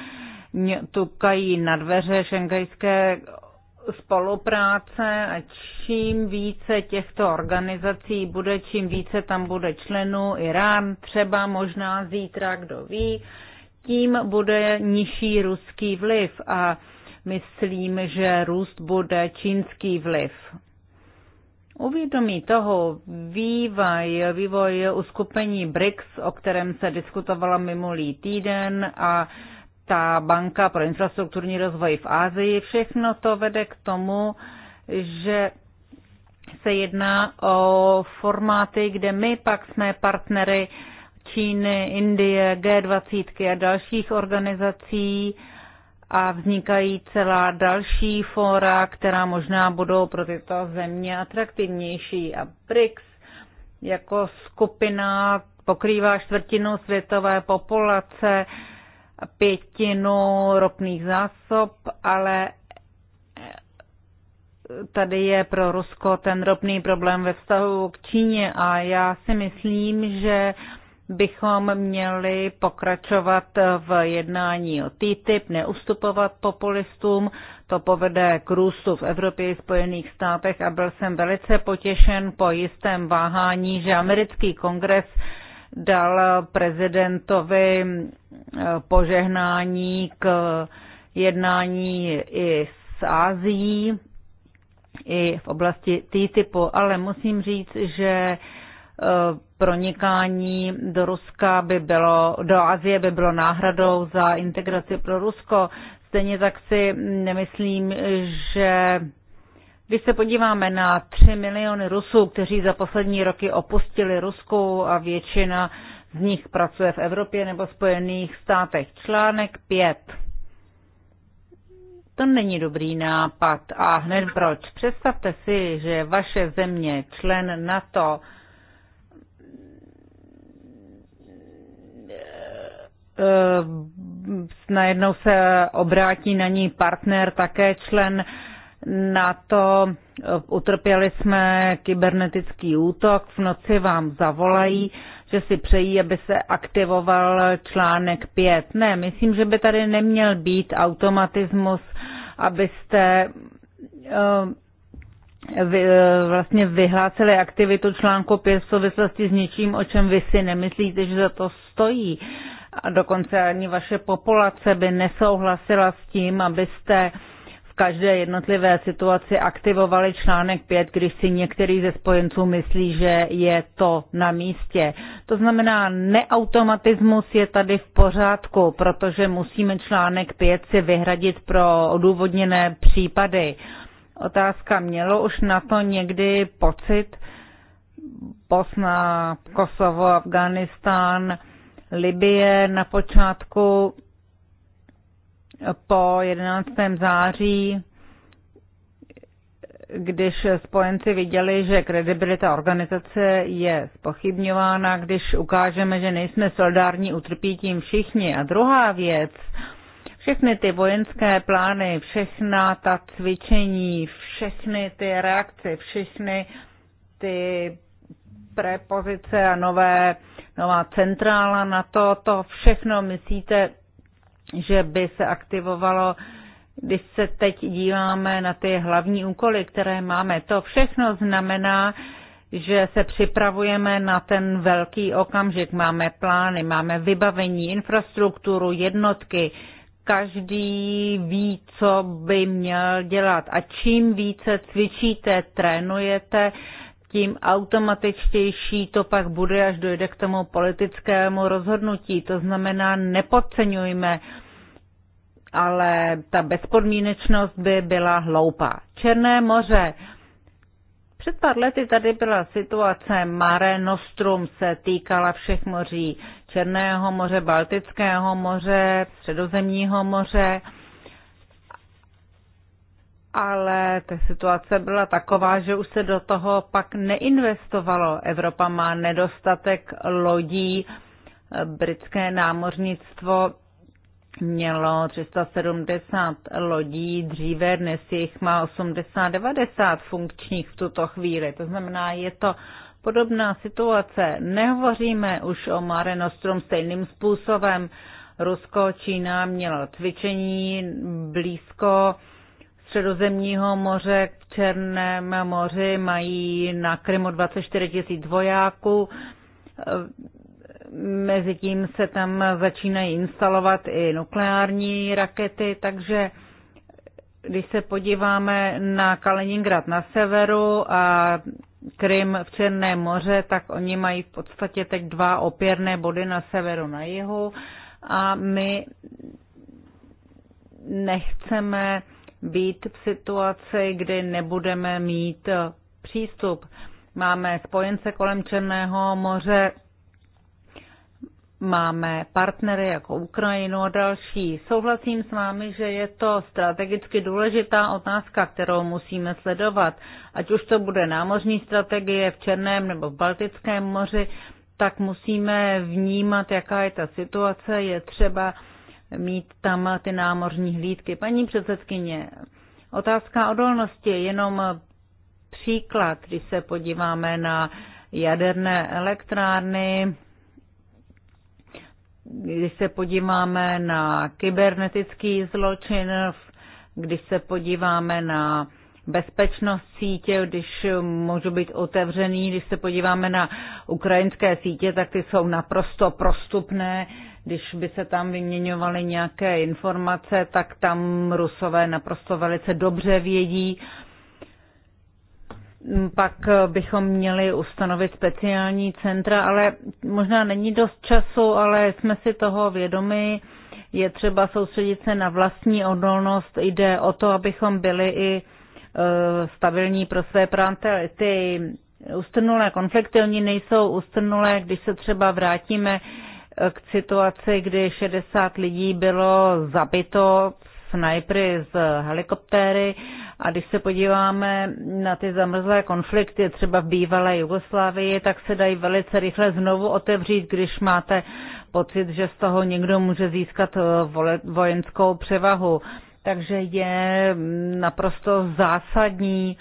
tukají na dveře šangajské spolupráce a čím více těchto organizací bude, čím více tam bude členů, Irán třeba možná zítra, kdo ví, tím bude nižší ruský vliv a myslím, že růst bude čínský vliv. Uvědomí toho vývoj, vývoj uskupení BRICS, o kterém se diskutovala minulý týden a uh, ta banka pro infrastrukturní rozvoj v Ázii, všechno to vede k tomu, že se jedná o formáty, kde my pak jsme partnery Číny, Indie, G20 a dalších organizací a vznikají celá další fóra, která možná budou pro tyto země atraktivnější. A BRICS jako skupina pokrývá čtvrtinu světové populace, pětinu ropných zásob, ale tady je pro Rusko ten ropný problém ve vztahu k Číně a já si myslím, že bychom měli pokračovat v jednání o TTIP, neustupovat populistům. To povede k růstu v Evropě i Spojených státech a byl jsem velice potěšen po jistém váhání, že americký kongres dal prezidentovi eh, požehnání k jednání i s Ázií, i v oblasti TTIPu, ale musím říct, že eh, pronikání do Ruska by bylo, do Azie by bylo náhradou za integraci pro Rusko. Stejně tak si nemyslím, že když se podíváme na 3 miliony Rusů, kteří za poslední roky opustili Rusko a většina z nich pracuje v Evropě nebo Spojených státech. Článek 5. To není dobrý nápad a hned proč. Představte si, že vaše země, člen NATO, eh, najednou se obrátí na ní partner, také člen na to. Eh, utrpěli jsme kybernetický útok, v noci vám zavolají, že si přejí, aby se aktivoval článek 5. Ne, myslím, že by tady neměl být automatismus, abyste eh, vy, eh, vlastně vyhlásili aktivitu článku 5 v souvislosti s něčím, o čem vy si nemyslíte, že za to stojí. A dokonce ani vaše populace by nesouhlasila s tím, abyste uh, každé jednotlivé situaci aktivovali článek 5, když si některý ze spojenců myslí, že je to na místě. To znamená, neautomatismus je tady v pořádku, protože musíme článek 5 si vyhradit pro odůvodněné případy. Otázka, mělo už na to někdy pocit Bosna, Kosovo, Afganistán, Libie na počátku po 11. září, když spojenci viděli, že kredibilita organizace je spochybňována, když ukážeme, že nejsme soldární, utrpí tím všichni. A druhá věc, všechny ty vojenské plány, všechna ta cvičení, všechny ty reakce, všechny ty prepozice a nové, nová centrála na to, to všechno myslíte že by se aktivovalo, když se teď díváme na ty hlavní úkoly, které máme. To všechno znamená, že se připravujeme na ten velký okamžik. Máme plány, máme vybavení, infrastrukturu, jednotky. Každý ví, co by měl dělat. A čím více cvičíte, trénujete, tím automatičtější to pak bude, až dojde k tomu politickému rozhodnutí. To znamená, nepodceňujme, ale ta bezpodmínečnost by byla hloupá. Černé moře. Před pár lety tady byla situace, Mare Nostrum se týkala všech moří. Černého moře, Baltického moře, Středozemního moře ale ta situace byla taková, že už se do toho pak neinvestovalo. Evropa má nedostatek lodí, britské námořnictvo mělo 370 lodí dříve, dnes jich má 80-90 funkčních v tuto chvíli. To znamená, je to podobná situace. Nehovoříme už o Mare Nostrum stejným způsobem. Rusko, Čína mělo cvičení blízko Středozemního moře k Černém moři, mají na Krymu 24 tisíc vojáků. Mezitím se tam začínají instalovat i nukleární rakety, takže když se podíváme na Kaliningrad na severu a Krym v Černém moře, tak oni mají v podstatě teď dva opěrné body na severu na jihu a my nechceme být v situaci, kdy nebudeme mít přístup. Máme spojence kolem Černého moře, máme partnery jako Ukrajinu a další. Souhlasím s vámi, že je to strategicky důležitá otázka, kterou musíme sledovat. Ať už to bude námořní strategie v Černém nebo v Baltickém moři, tak musíme vnímat, jaká je ta situace. Je třeba mít tam ty námořní hlídky. Paní předsedkyně, otázka odolnosti je jenom příklad, když se podíváme na jaderné elektrárny, když se podíváme na kybernetický zločin, když se podíváme na bezpečnost sítě, když můžu být otevřený, když se podíváme na ukrajinské sítě, tak ty jsou naprosto prostupné. Když by se tam vyměňovaly nějaké informace, tak tam Rusové naprosto velice dobře vědí. Pak bychom měli ustanovit speciální centra, ale možná není dost času, ale jsme si toho vědomi. Je třeba soustředit se na vlastní odolnost. Jde o to, abychom byli i e, stabilní pro své práce. Ty ustrnulé konflikty, oni nejsou ustrnulé, když se třeba vrátíme k situaci, kdy 60 lidí bylo zabito snajpry z helikoptéry a když se podíváme na ty zamrzlé konflikty třeba v bývalé Jugoslávii, tak se dají velice rychle znovu otevřít, když máte pocit, že z toho někdo může získat eh, vojenskou převahu. Takže je naprosto zásadní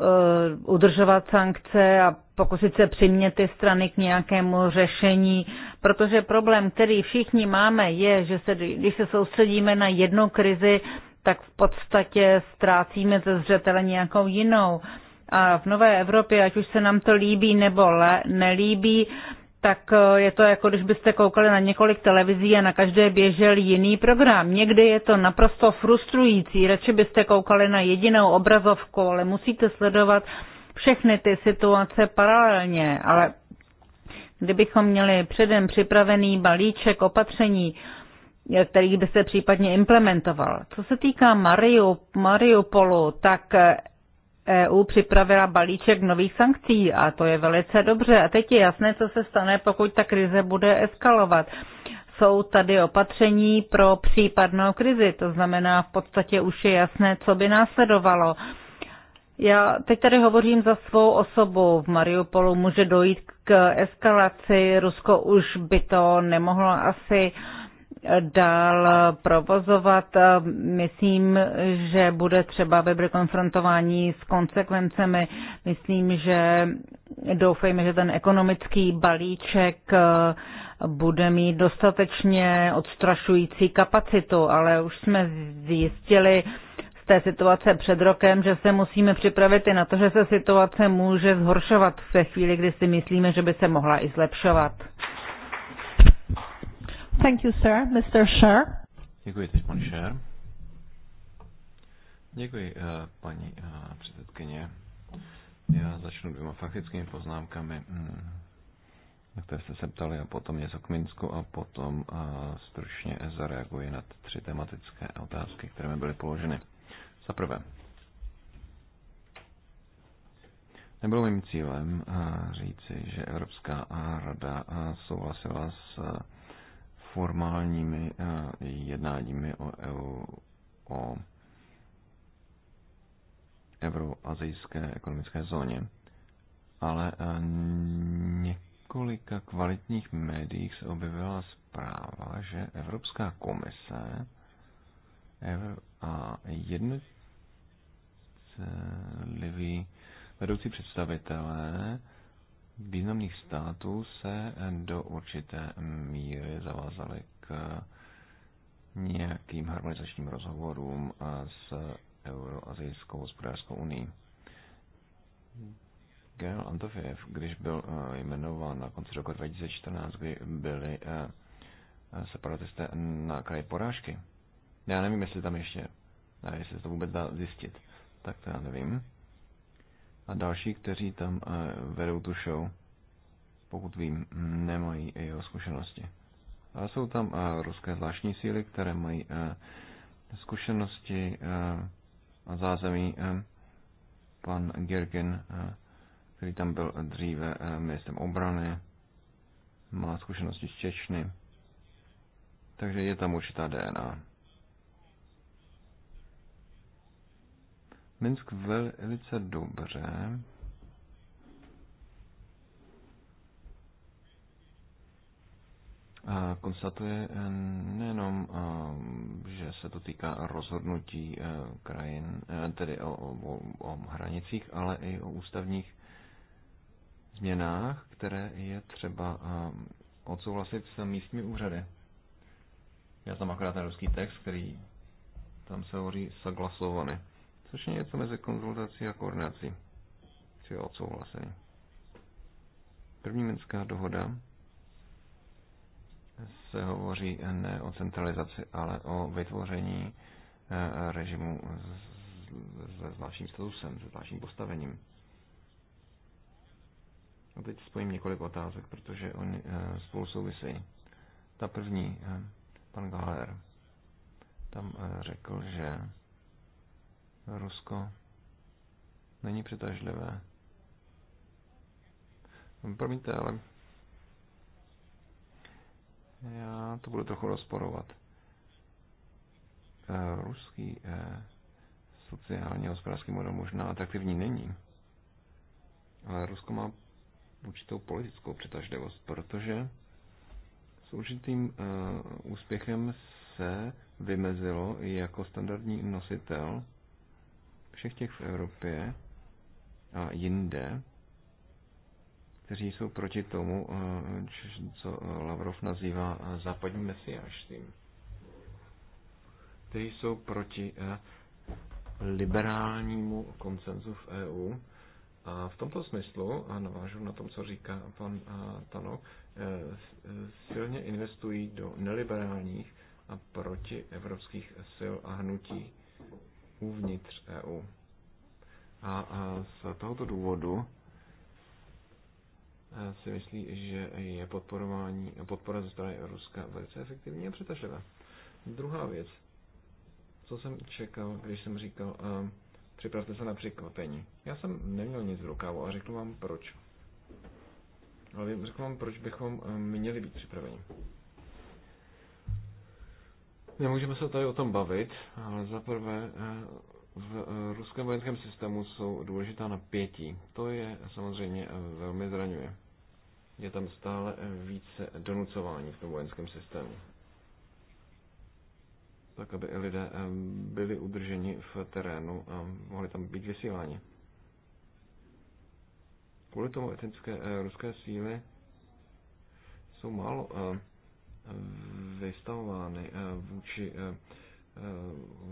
Eh, udržovat sankce a pokusit se přimět ty strany k nějakému řešení, protože problém, který všichni máme, je, že se, když se soustředíme na jednu krizi, tak v podstatě ztrácíme ze zřetele nějakou jinou. A v Nové Evropě, ať už se nám to líbí nebo le, nelíbí, tak eh, je to jako když byste koukali na několik televizí a na každé běžel jiný program. Někdy je to naprosto frustrující, radši byste koukali na jedinou obrazovku, ale musíte sledovat všechny ty situace paralelně. Ale kdybychom měli předem připravený balíček opatření, eh, který by se případně implementoval. Co se týká Mariupolu, tak eh, EU připravila balíček nových sankcí a to je velice dobře. A teď je jasné, co se stane, pokud ta krize bude eskalovat. Jsou tady opatření pro případnou krizi, to znamená v podstatě už je jasné, co by následovalo. Já teď tady hovořím za svou osobu. V Mariupolu může dojít k eskalaci. Rusko už by to nemohlo asi uh, dál provozovat. Myslím, že bude třeba Weber konfrontování s konsekvencemi. Myslím, že doufejme, že ten ekonomický balíček eh, bude mít dostatečně odstrašující kapacitu, ale už jsme zjistili z té situace před rokem, že se musíme připravit i na to, že se situace může zhoršovat ve chvíli, kdy si myslíme, že by se mohla i zlepšovat. Thank you, sir. Mr. Sher. Děkuji, teď pan Sher. Děkuji, eh, paní eh, předsedkyně. Já začnu dvěma faktickými poznámkami, mm, na které jste se ptali, a potom něco k Minsku, a potom eh, stručně zareaguji na tři tematické otázky, které mi byly položeny. Za prvé, Nebylo mým cílem říci, že Evropská rada souhlasila s formálními eh, jednáními o, EU, o euroazijské ekonomické zóně, ale eh, několika kvalitních médiích se objevila zpráva, že Evropská komise a jednotliví vedoucí představitelé významných států se do určité míry zavázaly k nějakým harmonizačním rozhovorům s Euroazijskou hospodářskou unii. Gerald Antofiev, když byl eh, jmenován na konci roku 2014, kdy byli eh, separatisté na kraji porážky, já nevím, jestli tam ještě, eh, jestli se to vůbec dá zjistit, tak to já nevím a další, kteří tam eh, vedou tu show, pokud vím, nemají jeho zkušenosti. A jsou tam eh, ruské zvláštní síly, které mají eh, zkušenosti a zázemí. Pan Gergen, který tam byl dříve ministrem obrany, má zkušenosti z Čečny. Takže je tam určitá DNA. Minsk velice dobře. konstatuje eh, nejenom, eh, že se to týká rozhodnutí eh, krajin, tedy o, o, o hranicích, ale i o ústavních změnách, které je třeba odsouhlasit s místními úřady. Já tam akorát ten ruský text, který tam se hovoří saglasovany což je něco mezi konzultací a koordinací, či odsouhlasení. První minská dohoda se hovoří ne o centralizaci, ale o vytvoření eh, režimu se zvláštním statusem, se zvláštním postavením. A teď spojím několik otázek, protože oni eh, spolu souvisejí. Ta první, eh, pan Galer, tam řekl, že Rusko není přitažlivé. Promiňte, ale já to budu trochu rozporovat. Eh, ruský eh, sociálně hospodářský model možná atraktivní není, ale Rusko má určitou politickou přitažlivost, protože s určitým eh, úspěchem se vymezilo jako standardní nositel všech těch v Evropě a jinde, kteří jsou proti tomu, eh, co eh, Lavrov nazývá eh, západním mesiářstvím. kteří jsou proti liberálnímu koncenzu v EU. A v tomto smyslu, a navážu na tom, co říká pan Tanok, silně investují do neliberálních a proti evropských sil a hnutí uvnitř EU. A z tohoto důvodu e, si myslí, že je podporování, podpora ze strany Ruska velice efektivní a přitažlivá. Druhá věc, co jsem čekal, když jsem říkal, e, připravte se na překvapení. Já jsem neměl nic v rukávu a řeknu vám proč. Ale řeknu vám, proč bychom e, měli být připraveni. Nemůžeme se tady o tom bavit, ale zaprvé eh, v eh, ruském vojenském systému jsou důležitá napětí. To je samozřejmě eh, velmi zraňuje. Je tam stále více donucování v tom vojenském systému. Tak, aby lidé byli udrženi v terénu a mohli tam být vysíláni. Kvůli tomu etnické ruské síly jsou málo vystavovány eh, vůči eh, eh,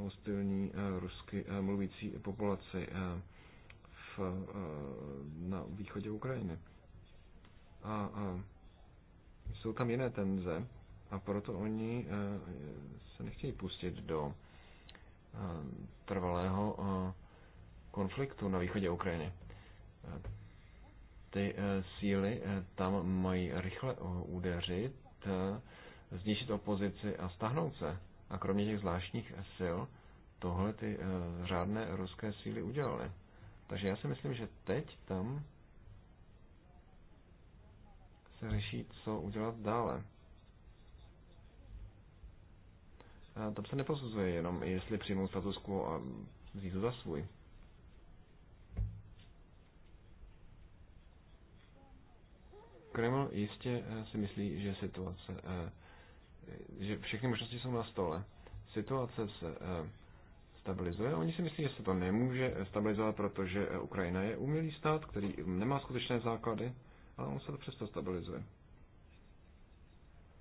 hostilní rusky mluvící populaci v, na východě Ukrajiny. A, a jsou tam jiné tenze a proto oni se nechtějí pustit do trvalého konfliktu na východě Ukrajiny. Ty síly tam mají rychle udeřit zničit opozici a stahnout se. A kromě těch zvláštních sil tohle ty eh, řádné ruské síly udělaly. Takže já si myslím, že teď tam se řeší, co udělat dále. A tam se neposuzuje jenom, jestli přijmou status quo a vzít to za svůj. Kreml jistě eh, si myslí, že situace eh, že všechny možnosti jsou na stole, situace se eh, stabilizuje. Oni si myslí, že se to nemůže eh, stabilizovat, protože eh, Ukrajina je umělý stát, který nemá skutečné základy, ale on se to přesto stabilizuje.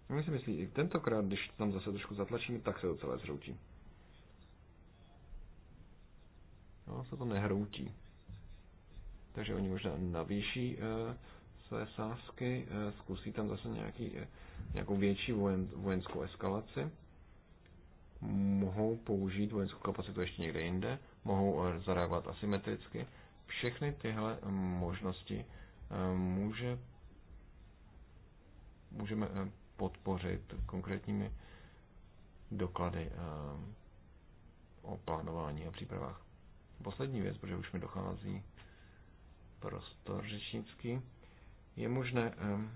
Oni si myslí, i tentokrát, když tam zase trošku zatlačíme, tak se to celé zhroutí. No, se to nehroutí. Takže oni možná navýší se sásky, eh, zkusí tam zase nějaký, eh, nějakou větší vojen, vojenskou eskalaci, mohou použít vojenskou kapacitu ještě někde jinde, mohou eh, zareagovat asymetricky. Všechny tyhle možnosti může, můžeme podpořit konkrétními doklady o plánování a přípravách. Poslední věc, protože už mi dochází prostor řečnický. Je možné ehm,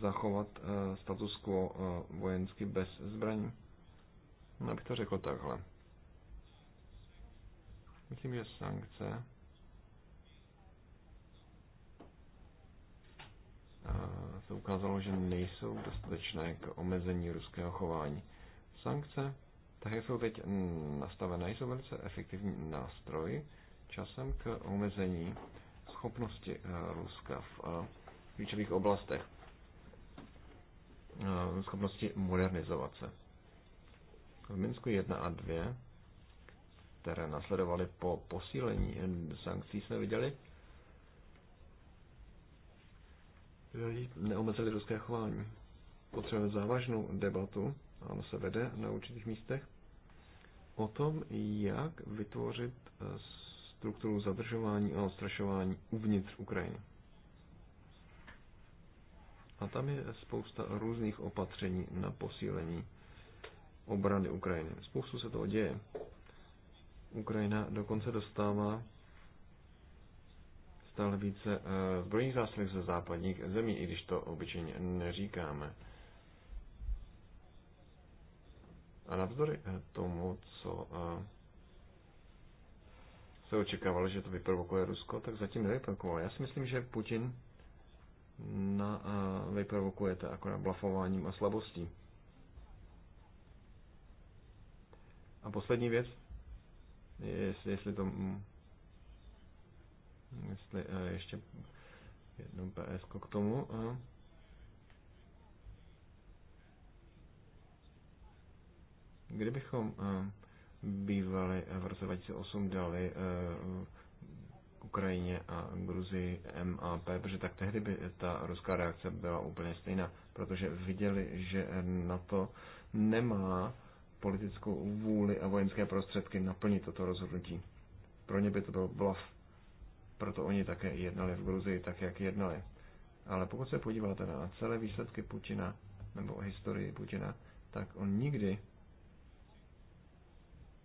zachovat eh, status quo eh, vojensky bez zbraní. No, bych to řekl takhle. Myslím, že sankce eh, se ukázalo, že nejsou dostatečné k omezení ruského chování. Sankce, tak jak jsou teď nastavené, jsou velice efektivní nástroj časem k omezení schopnosti eh, Ruska v eh, klíčových oblastech, eh, schopnosti modernizovat se. V Minsku 1 a 2, které nasledovaly po posílení sankcí, jsme viděli, neomezili ruské chování. Potřebujeme závažnou debatu, a se vede na určitých místech, o tom, jak vytvořit strukturu zadržování a ostrašování uvnitř Ukrajiny. A tam je spousta různých opatření na posílení obrany Ukrajiny. Spoustu se toho děje. Ukrajina dokonce dostává stále více eh, zbrojních zásilek ze západních zemí, i když to obyčejně neříkáme. A navzdory eh, tomu, co eh, se očekávalo, že to vyprovokuje Rusko, tak zatím nevyprovokovalo. Já si myslím, že Putin na, a to akorát blafováním a slabostí. A poslední věc, jestli, jestli to mm, jestli a e, ještě jedno PS k tomu. A Kdybychom uh, bývali eh, v roce 2008 dali eh, Ukrajině a Gruzii MAP, protože tak tehdy by ta ruská reakce byla úplně stejná, protože viděli, že NATO nemá politickou vůli a vojenské prostředky naplnit toto rozhodnutí. Pro ně by to byl blav. Proto oni také jednali v Gruzii tak, jak jednali. Ale pokud se podíváte na celé výsledky Putina, nebo historii Putina, tak on nikdy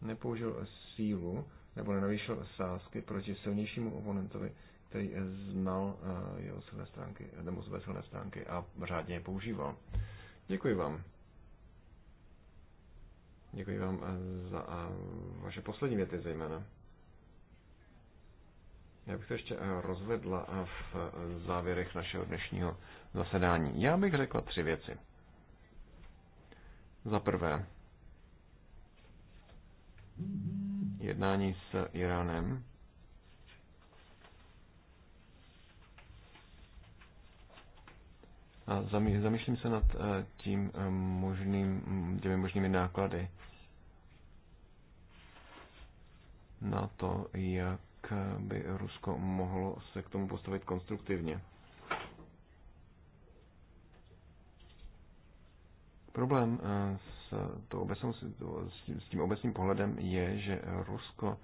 nepoužil sílu nebo nenavýšil sázky proti silnějšímu oponentovi, který znal eh, jeho silné stránky, nebo své silné stránky a řádně je používal. Děkuji vám. Děkuji vám eh, za eh, vaše poslední věty zejména. Já bych to ještě rozvedla v závěrech našeho dnešního zasedání. Já bych řekla tři věci. Za prvé, jednání s Iránem. A zamýšlím se nad eh, tím eh, možným, těmi možnými náklady na to, jak eh, by Rusko mohlo se k tomu postavit konstruktivně. Problém s s, to obecnou, s tím obecným pohledem je, že Rusko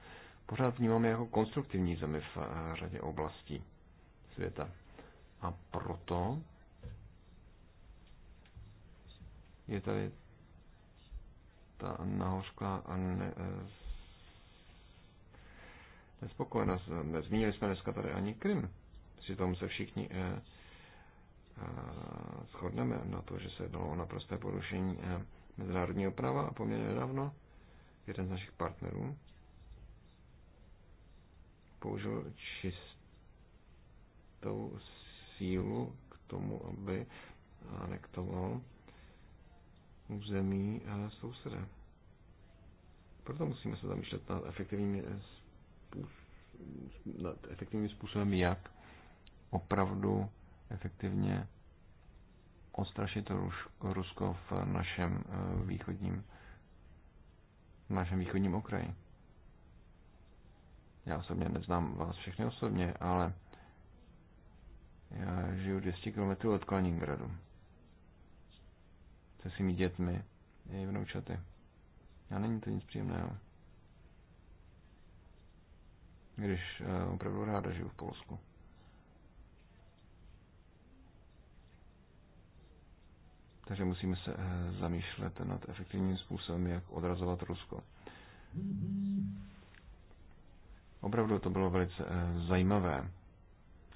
pořád vnímáme jako konstruktivní zemi v eh, řadě oblastí světa. A proto je tady ta nahořka a ne, eh, nespokojenost. Nezmínili jsme dneska tady ani Krym. tom se všichni eh, eh, shodneme na to, že se jednalo o naprosté porušení eh, mezinárodního práva a poměrně nedávno jeden z našich partnerů použil čistou sílu k tomu, aby anektoval území eh, souseda. Proto musíme se zamýšlet nad efektivními eh, nad efektivním způsobem, jak opravdu efektivně odstrašit Rusko v našem eh, východním, v našem východním okraji. Já osobně neznám vás všechny osobně, ale já žiju 200 km od Kaliningradu. Se svými dětmi její vnoučaty. Já není to nic příjemného. Když eh, opravdu ráda žiju v Polsku. Takže musíme se eh, zamýšlet nad efektivním způsobem, jak odrazovat Rusko. Opravdu to bylo velice eh, zajímavé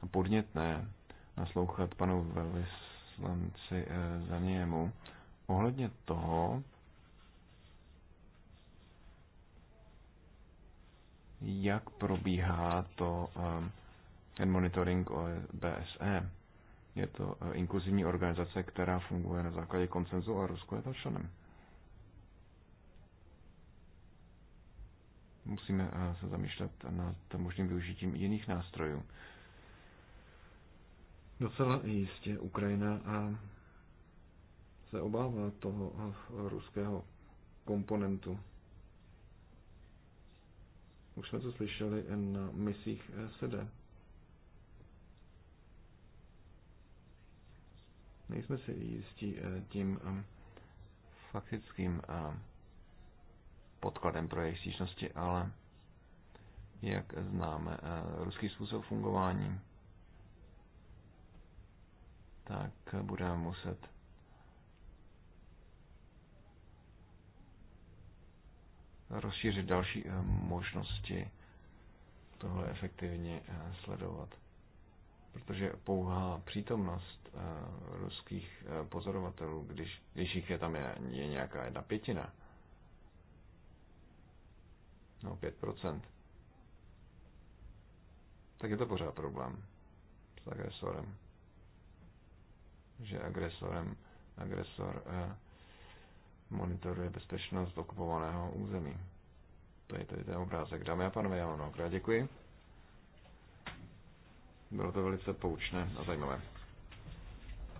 a podnětné naslouchat panu velvyslanci eh, za němu ohledně toho, jak probíhá to ten monitoring BSE. Je to eh, inkluzivní organizace, která funguje na základě koncenzu a Rusko je to členem. Musíme eh, se zamýšlet nad možným využitím jiných nástrojů. Docela jistě Ukrajina a eh, se obává toho ruského komponentu. Už jsme to slyšeli na misích SEDE. Nejsme si jistí eh, tím eh, faktickým eh, podkladem pro jejich stížnosti, ale jak známe ruský způsob fungování, tak budeme muset rozšířit další možnosti tohle efektivně sledovat. Protože pouhá přítomnost Eh, ruských eh, pozorovatelů, když, když jich je tam je, je nějaká jedna pětina. No, 5%. Tak je to pořád problém s agresorem. Že agresorem, agresor eh, monitoruje bezpečnost okupovaného území. To je tady ten obrázek. Dámy a pánové, já vám děkuji. Bylo to velice poučné a zajímavé.